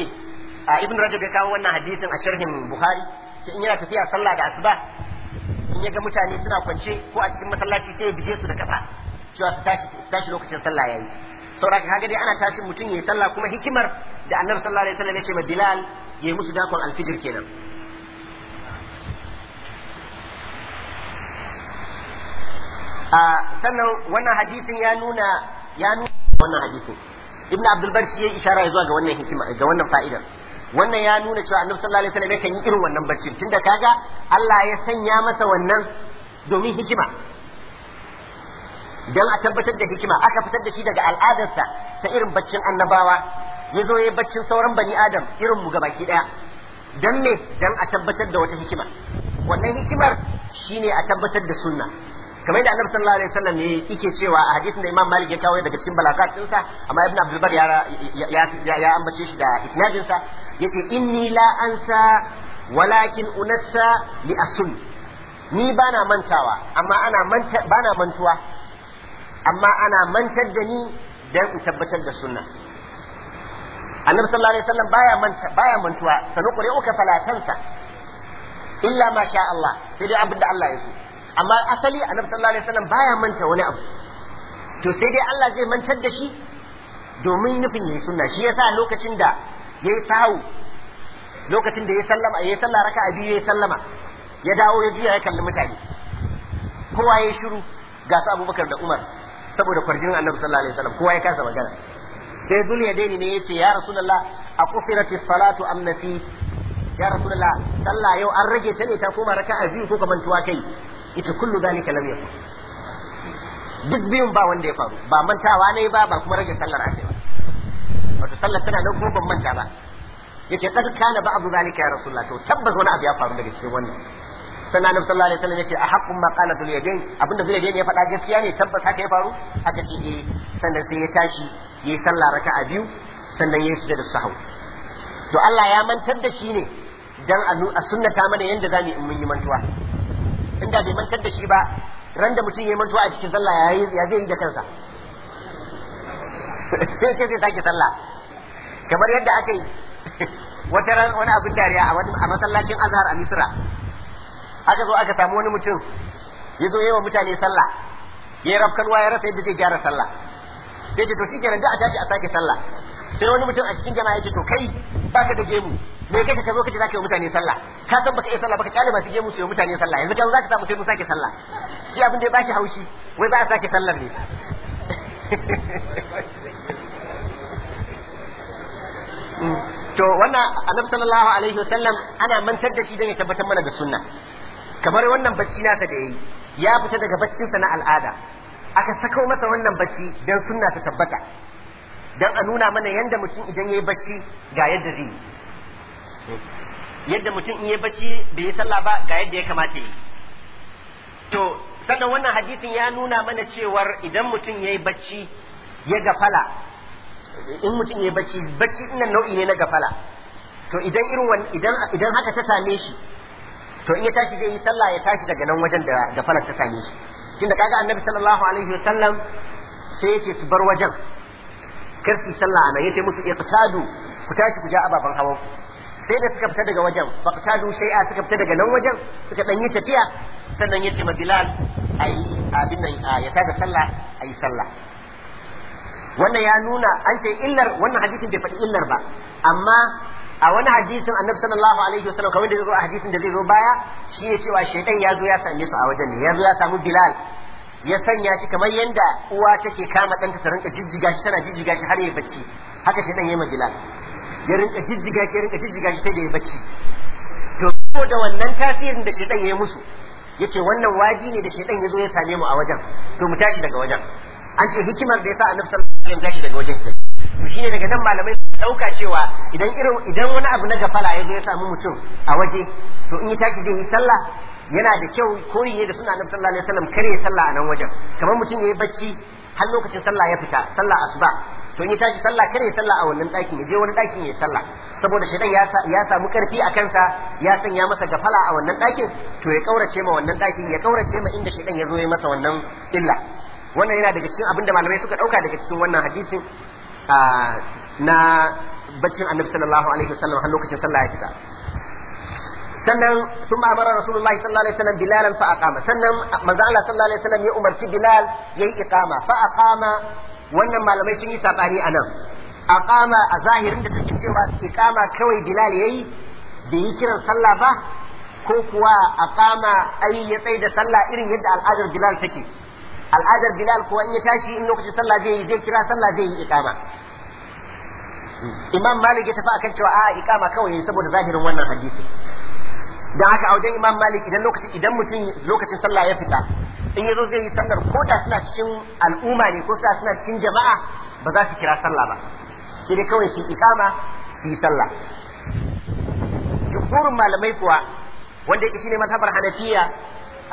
ibn rajab ya kawo wannan hadisin a sharhin bukhari sai in yana tafiya sallah da asuba in ya ga mutane suna kwance ko a cikin masallaci sai ya bije su da kafa cewa su tashi su tashi lokacin sallah yayi saboda kaga dai ana tashin mutum yayi sallah kuma hikimar da annabi sallallahu alaihi wasallam ya ce ma Bilal yayi musu dakon alfijir kenan a sannan wannan hadisin ya nuna ya nuna wannan hadisin ibnu abdul bar shi ya isharar zuwa ga wannan hikima ga wannan fa'idar wannan ya nuna cewa annabi sallallahu alaihi wasallam yakan yi irin wannan baccin tunda kaga Allah ya sanya masa wannan domin hikima dan a tabbatar da hikima aka fitar da shi daga al'adarsa ta irin baccin annabawa ya zo ya baccin sauran bani adam irin mu gabaki daya dan me dan a tabbatar da wata hikima wannan hikimar shine a tabbatar da sunna kamar yadda annabi sallallahu alaihi wasallam yake cewa a hadisin da imam malik ya kawo daga cikin balagat dinsa amma ibn abdul bar ya ya ambace shi da isnadin sa yace inni la ansa walakin unassa li asul ni bana mantawa amma ana manta bana mantuwa amma ana mantar da ni dan in tabbatar da sunna annabi sallallahu alaihi wasallam baya manta baya mantuwa sanuqri'uka fala tansa illa ma sha Allah sai dai abinda Allah ya so amma asali annabi sallallahu alaihi wasallam baya manta wani abu to sai dai Allah zai mantar da shi domin nufin yayi sunna shi yasa lokacin da ya yi sahu lokacin da ya sallama ya salla raka a biyu ya sallama ya dawo ya juya ya kalli mutane kowa ya shiru ga su abubakar da umar saboda kwarjinin annabi sallallahu alaihi wasallam kowa ya kasa magana sai zul dai ne ya ce ya rasulullah a qusirati salatu am nasi ya rasulullah sallah yau an rage ta ne ta koma raka biyu ko kaman tuwa kai ita kullu zalika lam yakun duk biyun ba wanda ya faru ba mantawa ne ba ba kuma rage sallar ake wato sallar tana nan goban manta ba yace kad kana ba abu zalika ya rasulullah to tabbas wani abu ya faru daga cikin wannan sannan annabi sallallahu alaihi wasallam yace a haqqun ma qala tul yadayn abinda bil yadayn ya faɗa gaskiya ne tabbas haka ya faru aka ce eh sannan sai ya tashi yi sallah raka'a biyu sannan yayi sujud sahwi to Allah ya mantar da shi ne dan a sunnata mana yanda zamu in mun yi mantuwa inda bai mantar da shi ba ran da mutum ya mantuwa a cikin sallah ya zai yi da kansa sai ce zai sake sallah kamar yadda aka yi wata ran wani abin dariya a masallacin azhar a misra aka zo aka samu wani mutum ya zo yawa mutane sallah ya yi rafkanwa ya rasa yadda zai gyara sallah sai ce to shi kenan da a tashi a sake sallah sai wani mutum a cikin jama'a ya ce to kai baka da gemu me kake ka zo kace zaka yi mutane sallah ka san baka yi sallah baka kyale masu gemu su yi mutane sallah yanzu kan zaka samu sai mu sake sallah shi abin da ya bashi haushi wai ba a sake sallar ne (laughs) to wannan annabi sallallahu alaihi wasallam ana mantar da shi don ya tabbatar mana da sunna kamar wannan bacci nasa da yayi ya fita daga baccinsa na al'ada aka sako masa wannan bacci don sunna ta tabbata don a nuna mana yadda mutum idan yayi bacci ga yadda zai yadda mutum in yayi bacci bai yi sallah ba ga yadda ya kamata yi to sannan wannan hadisin ya nuna mana cewar idan mutum yayi bacci ya gafala in mutum ya bacci bacci ina nau'i ne na gafala to idan irin idan idan haka ta same shi to in ya tashi zai yi sallah ya tashi daga nan wajen da gafalar ta same shi tunda kaga annabi sallallahu alaihi wasallam sai ya ce su bar wajen kar su sallah ana yace musu iqtadu ku tashi ku ja ababan hawan sai da suka fita daga wajen faqtadu shay'a suka fita daga nan wajen suka dan yi tafiya sannan yace ma bilal ai abin nan ya tada sallah ai sallah wannan ya nuna an ce illar wannan hadisin bai faɗi illar ba amma a wani hadisin annabi sallallahu alaihi wasallam kamar da zai zo a hadisin da zai zo baya shi ya cewa shaidan ya zo ya same su a wajen ne ya zo ya samu bilal ya sanya shi kamar yanda uwa take kama ɗanta ta rinka jijjiga shi tana jijjiga shi har ya bacci haka shaidan ya yi ma bilal ya rinka jijjiga shi ya rinka jijjiga shi sai da ya bacci to saboda wannan tasirin da shaidan ya yi musu yace wannan waji ne da shaidan ya zo ya same mu a wajen to mu tashi daga wajen an ce hikimar da sa annabi yin tashi daga wajen ta shi ne daga nan malamai su cewa idan irin idan wani abu na gafala ya zo ya samu mutum a waje to in ya tashi zai yi sallah yana da kyau koyi ne da suna annabi sallallahu alaihi wasallam kare sallah a nan wajen kamar mutum yayi bacci har lokacin sallah ya fita sallah asuba to in ya tashi sallah kare sallah a wannan ɗakin ya je wani ɗakin ya sallah saboda shaitan ya samu karfi a kansa ya sanya masa gafala a wannan ɗakin to ya kaurace ma wannan ɗakin ya kaurace ma inda shaitan ya zo ya masa wannan illa wannan yana daga cikin abin da malamai suka dauka daga cikin wannan hadisin na baccin annabi sallallahu alaihi wasallam har lokacin sallah ya fita sannan sun ma'amara rasulullah sallallahu alaihi wasallam bilalan fa aqama sannan manzo Allah sallallahu alaihi wasallam ya umarci bilal yayi iqama fa aqama wannan malamai sun yi sabani anan aqama a zahirin da take cewa iqama kawai bilal yayi bai yi kiran sallah ba ko kuwa aqama ai ya tsaida sallah irin yadda al'adar bilal take al'adar bilal kuwa in ya tashi in lokacin sallah zai yi zai kira sallah zai yi ikama imam malik ya tafi akan cewa a ikama kawai saboda zahirin wannan hadisi da haka a wajen imam malik idan lokacin idan mutum lokacin sallah ya fita in yazo zai yi sallar ko da suna cikin al'umma ne ko da suna cikin jama'a ba za su kira sallah ba sai dai kawai su ikama su yi sallah jumhurin malamai kuwa wanda yake shine mazhabar hanafiya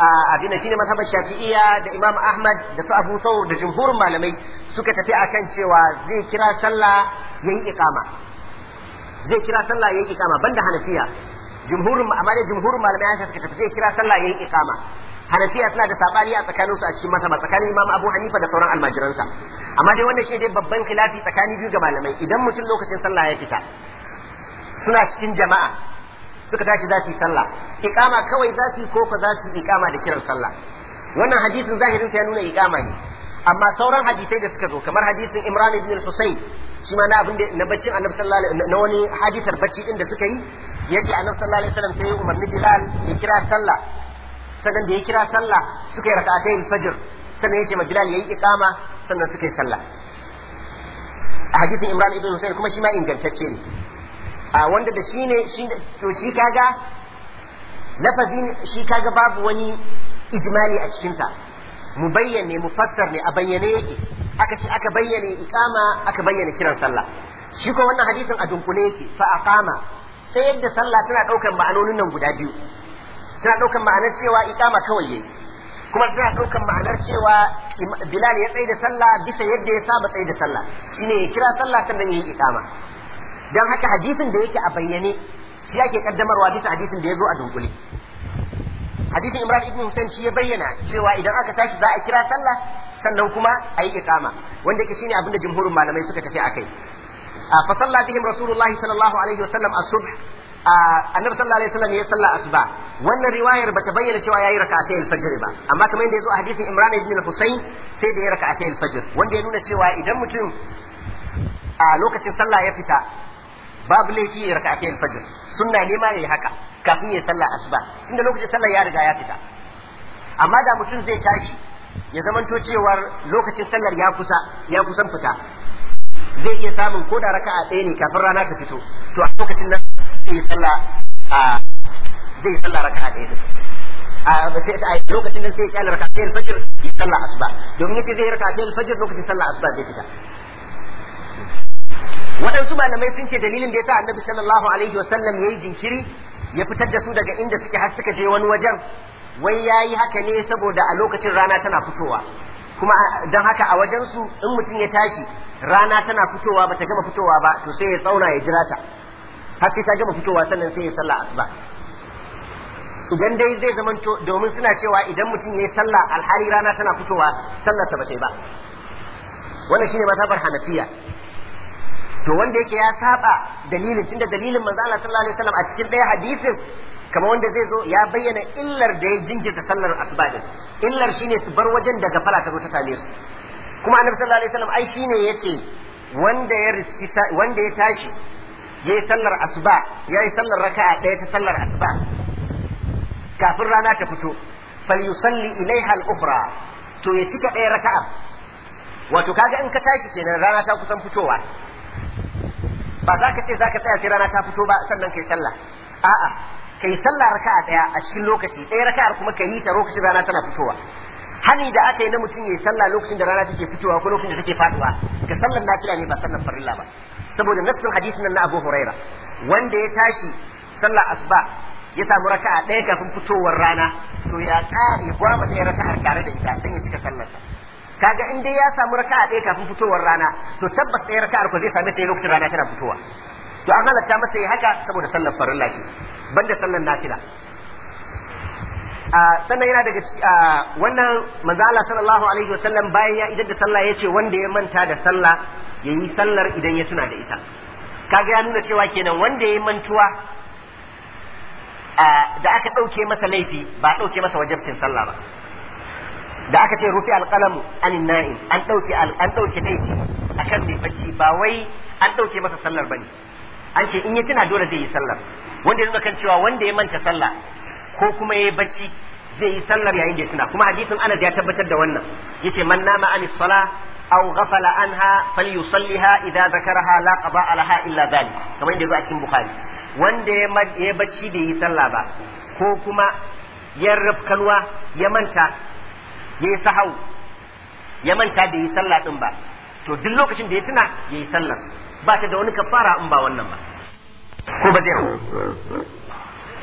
abin da shine mazhabar Shafi'iyya da Imam Ahmad da su Abu Thawr da jumhurin malamai suka tafi akan cewa zai kira sallah yayi iqama zai kira sallah yayi iqama banda Hanafiya jumhurin amma da jumhurin malamai haka suka tafi zai kira sallah yayi iqama Hanafiya suna da sabani a tsakanin su a cikin mazhaba tsakanin Imam Abu Hanifa da sauran almajiransa amma dai wannan shi dai babban khilafi tsakanin biyu ga malamai idan mutum lokacin sallah ya fita suna cikin jama'a suka tashi za su yi sallah iqama kawai za su yi ko ko za su yi iqama da kiran sallah wannan hadisin zahirin sa ya nuna iqama ne amma sauran hadisai da suka zo kamar hadisin Imran ibn al-Husayn shi ma na abin da na baccin Annabi sallallahu alaihi wasallam na wani hadisar bacci din da suka yi yace Annabi sallallahu alaihi wasallam sai umarni Bilal ya kira sallah sannan da ya kira sallah suka yi rak'atayn fajr sannan yace ma Bilal yayi iqama sannan suka yi sallah hadisin Imran ibn Husayn kuma shi ma ingantacce ne a wanda da shi ne to shi kaga lafazi shi kaga babu wani ijmali a cikinsa mu bayyane mu fassar ne a bayyane yake aka ci aka bayyane iqama aka bayyana kiran sallah shi ko wannan hadisin a dunkule yake fa aqama sai yadda sallah tana daukar ma'anonin nan guda biyu tana daukar ma'anar cewa iqama kawai yake kuma tana daukar ma'anar cewa Bilal ya tsaye da sallah bisa yadda ya saba tsaye da sallah shine ya kira sallah sannan ya yi iqama don haka hadisin da yake a bayyane shi ake kaddamarwa bisa hadisin da ya zo a dunkule hadisin imran ibn husain shi ya bayyana cewa idan aka tashi za a kira sallah sannan kuma a yi iqama wanda yake shine abinda jumhurin malamai suka tafi akai fa salla bihim rasulullahi sallallahu alaihi wasallam as-subh annabi sallallahu alaihi wasallam ya salla asuba wannan riwayar bata bayyana cewa yayi rak'atay al-fajr ba amma kamar yadda yazo a hadisin imran ibn husain sai da ya rak'atay al-fajr wanda ya nuna cewa idan mutum a lokacin sallah ya fita babu laifi ya raka'a ta fajr sunna ne ma yayi haka kafin ya sallah asuba tunda lokacin sallah ya riga ya fita amma da mutum zai tashi ya zamanto cewar lokacin sallar ya kusa ya kusan fita zai iya samun ko da raka'a ɗaya ne kafin rana ta fito to a lokacin nan zai sallah a zai sallah raka'a ɗaya da a lokacin nan sai ya kyale raka'a ɗaya fajr ya sallah asuba domin yace zai raka'a ɗaya fajr lokacin sallah asuba zai fita waɗansu malamai sun ce dalilin da ya sa annabi sallallahu alaihi wasallam yi jinkiri ya fitar da su daga inda suke har suka je wani wajen wai ya yi haka ne saboda a lokacin rana tana fitowa kuma don haka a wajen su in mutum ya tashi rana tana fitowa ba ta gama fitowa ba to sai ya tsauna ya jira ta har sai ta gama fitowa sannan sai ya sallah asuba idan dai zai zamanto domin suna cewa idan mutum ya yi sallah alhali rana tana fitowa sallarsa ba ta yi ba wannan shine mazhabar hanafiya to wanda yake ya saba dalilin tunda dalilin manzo Allah sallallahu alaihi wasallam a cikin ɗaya hadisin kamar wanda zai zo ya bayyana illar da ya jinkirta sallar asuba din illar shine su bar wajen daga fara ta zo ta same su kuma annabi sallallahu alaihi wasallam ai shine yace wanda ya wanda ya tashi yayi sallar asuba yayi sallar raka'a ɗaya ta sallar asuba kafin rana ta fito falyusalli ilaiha al-ukhra to ya cika ɗaya raka'a wato kaga in ka tashi kenan rana ta kusan fitowa ba za ka ce za ka tsaya sai rana ta fito ba sannan kai sallah a'a kai sallah raka'a daya a cikin lokaci ɗaya raka'ar kuma ka yi ta lokacin rana tana fitowa hani da aka yi na mutum yayi sallah lokacin da rana take fitowa ko lokacin da take faduwa ga sallar nafila ne ba sallar farilla ba saboda nassin hadisin nan na Abu Huraira wanda ya tashi sallar asuba ya samu raka'a ɗaya kafin fitowar rana to ya ƙare gwamnati ya raka'ar tare da ita sai ya cika sallarsa kaga in dai ya samu raka'a ɗaya kafin fitowar rana to tabbas ɗaya raka'ar ko zai same ta lokacin rana tana fitowa to an halatta masa yi haka saboda sallar farilla ce banda sallar nafila sannan yana daga wannan manzala sallallahu alaihi wasallam bayan ya idan da sallah ce wanda ya manta da sallah yayi sallar idan ya tuna da ita kaga ya nuna cewa kenan wanda ya mantuwa da aka ɗauke masa laifi ba ɗauke masa wajabcin sallah ba da aka ce rufi alqalamu anin na'im an dauke an dauke dai akan mai bacci ba wai an dauke masa sallar bane an ce in ya tuna dole zai yi sallar wanda ya nuna kan cewa wanda ya manta sallah ko kuma ya bacci zai yi sallar yayin da ya tuna kuma hadisin Anas ya tabbatar da wannan yace man nama anis sala aw ghafala anha falyusalliha idza zakaraha la qada laha illa dhalik kamar yadda a cikin bukhari wanda ya bacci da yi sallah ba ko kuma ya rafkalwa ya manta ya yi sahau ya manta da yi sallah din ba to duk lokacin da ya tuna ya yi sallar ba ta da wani kafara in ba wannan ba ko ba zai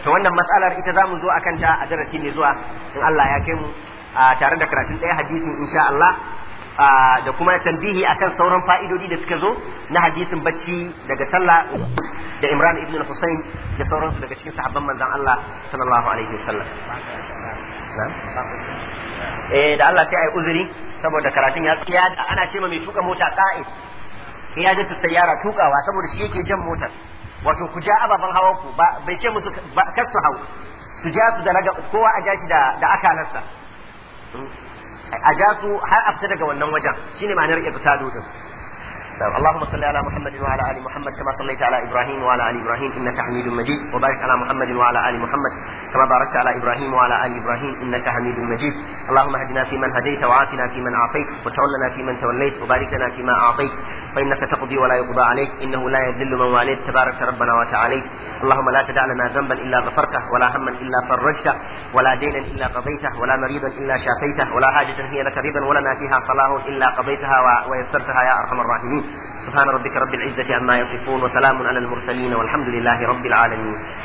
to wannan matsalar ita za mu zo kan ta a darasi ne zuwa in Allah ya kai mu a tare da karatun ɗaya hadisin insha Allah da kuma tambihi akan sauran fa'idodi da suka zo na hadisin bacci daga sallah da Imran ibn al-Husayn da sauransu daga cikin sahabban manzon Allah sallallahu alaihi wasallam eh da Allah sai ai uzuri saboda karatun ya tsaya ana ce mai tuka mota qa'id ta sayyara tukawa saboda shi yake jan motar wato ku ja ababen hawan ku bai ce musu kar su hau su ja su da naga kowa a ja shi da da akalarsa a ja su har a fita daga wannan wajen shine ma'anar iqtadu din والسلام اللهم صل على محمد وعلى ال محمد كما صليت على ابراهيم وعلى ال ابراهيم انك حميد مجيد وبارك على محمد وعلى ال محمد كما باركت على ابراهيم وعلى ال ابراهيم انك حميد مجيد اللهم اهدنا فيمن هديت وعافنا فيمن عافيت وتولنا فيمن توليت وبارك لنا فيما اعطيت فإنك تقضي ولا يقضى عليك إنه لا يذل من واليت تبارك ربنا وتعاليك اللهم لا تدع لنا ذنبا إلا غفرته ولا هما إلا فرجته ولا دينا إلا قضيته ولا مريضا إلا شافيته ولا حاجة هي لك ربا ولنا فيها صلاح إلا قضيتها ويسرتها يا أرحم الراحمين سبحان ربك رب العزة عما يصفون وسلام على المرسلين والحمد لله رب العالمين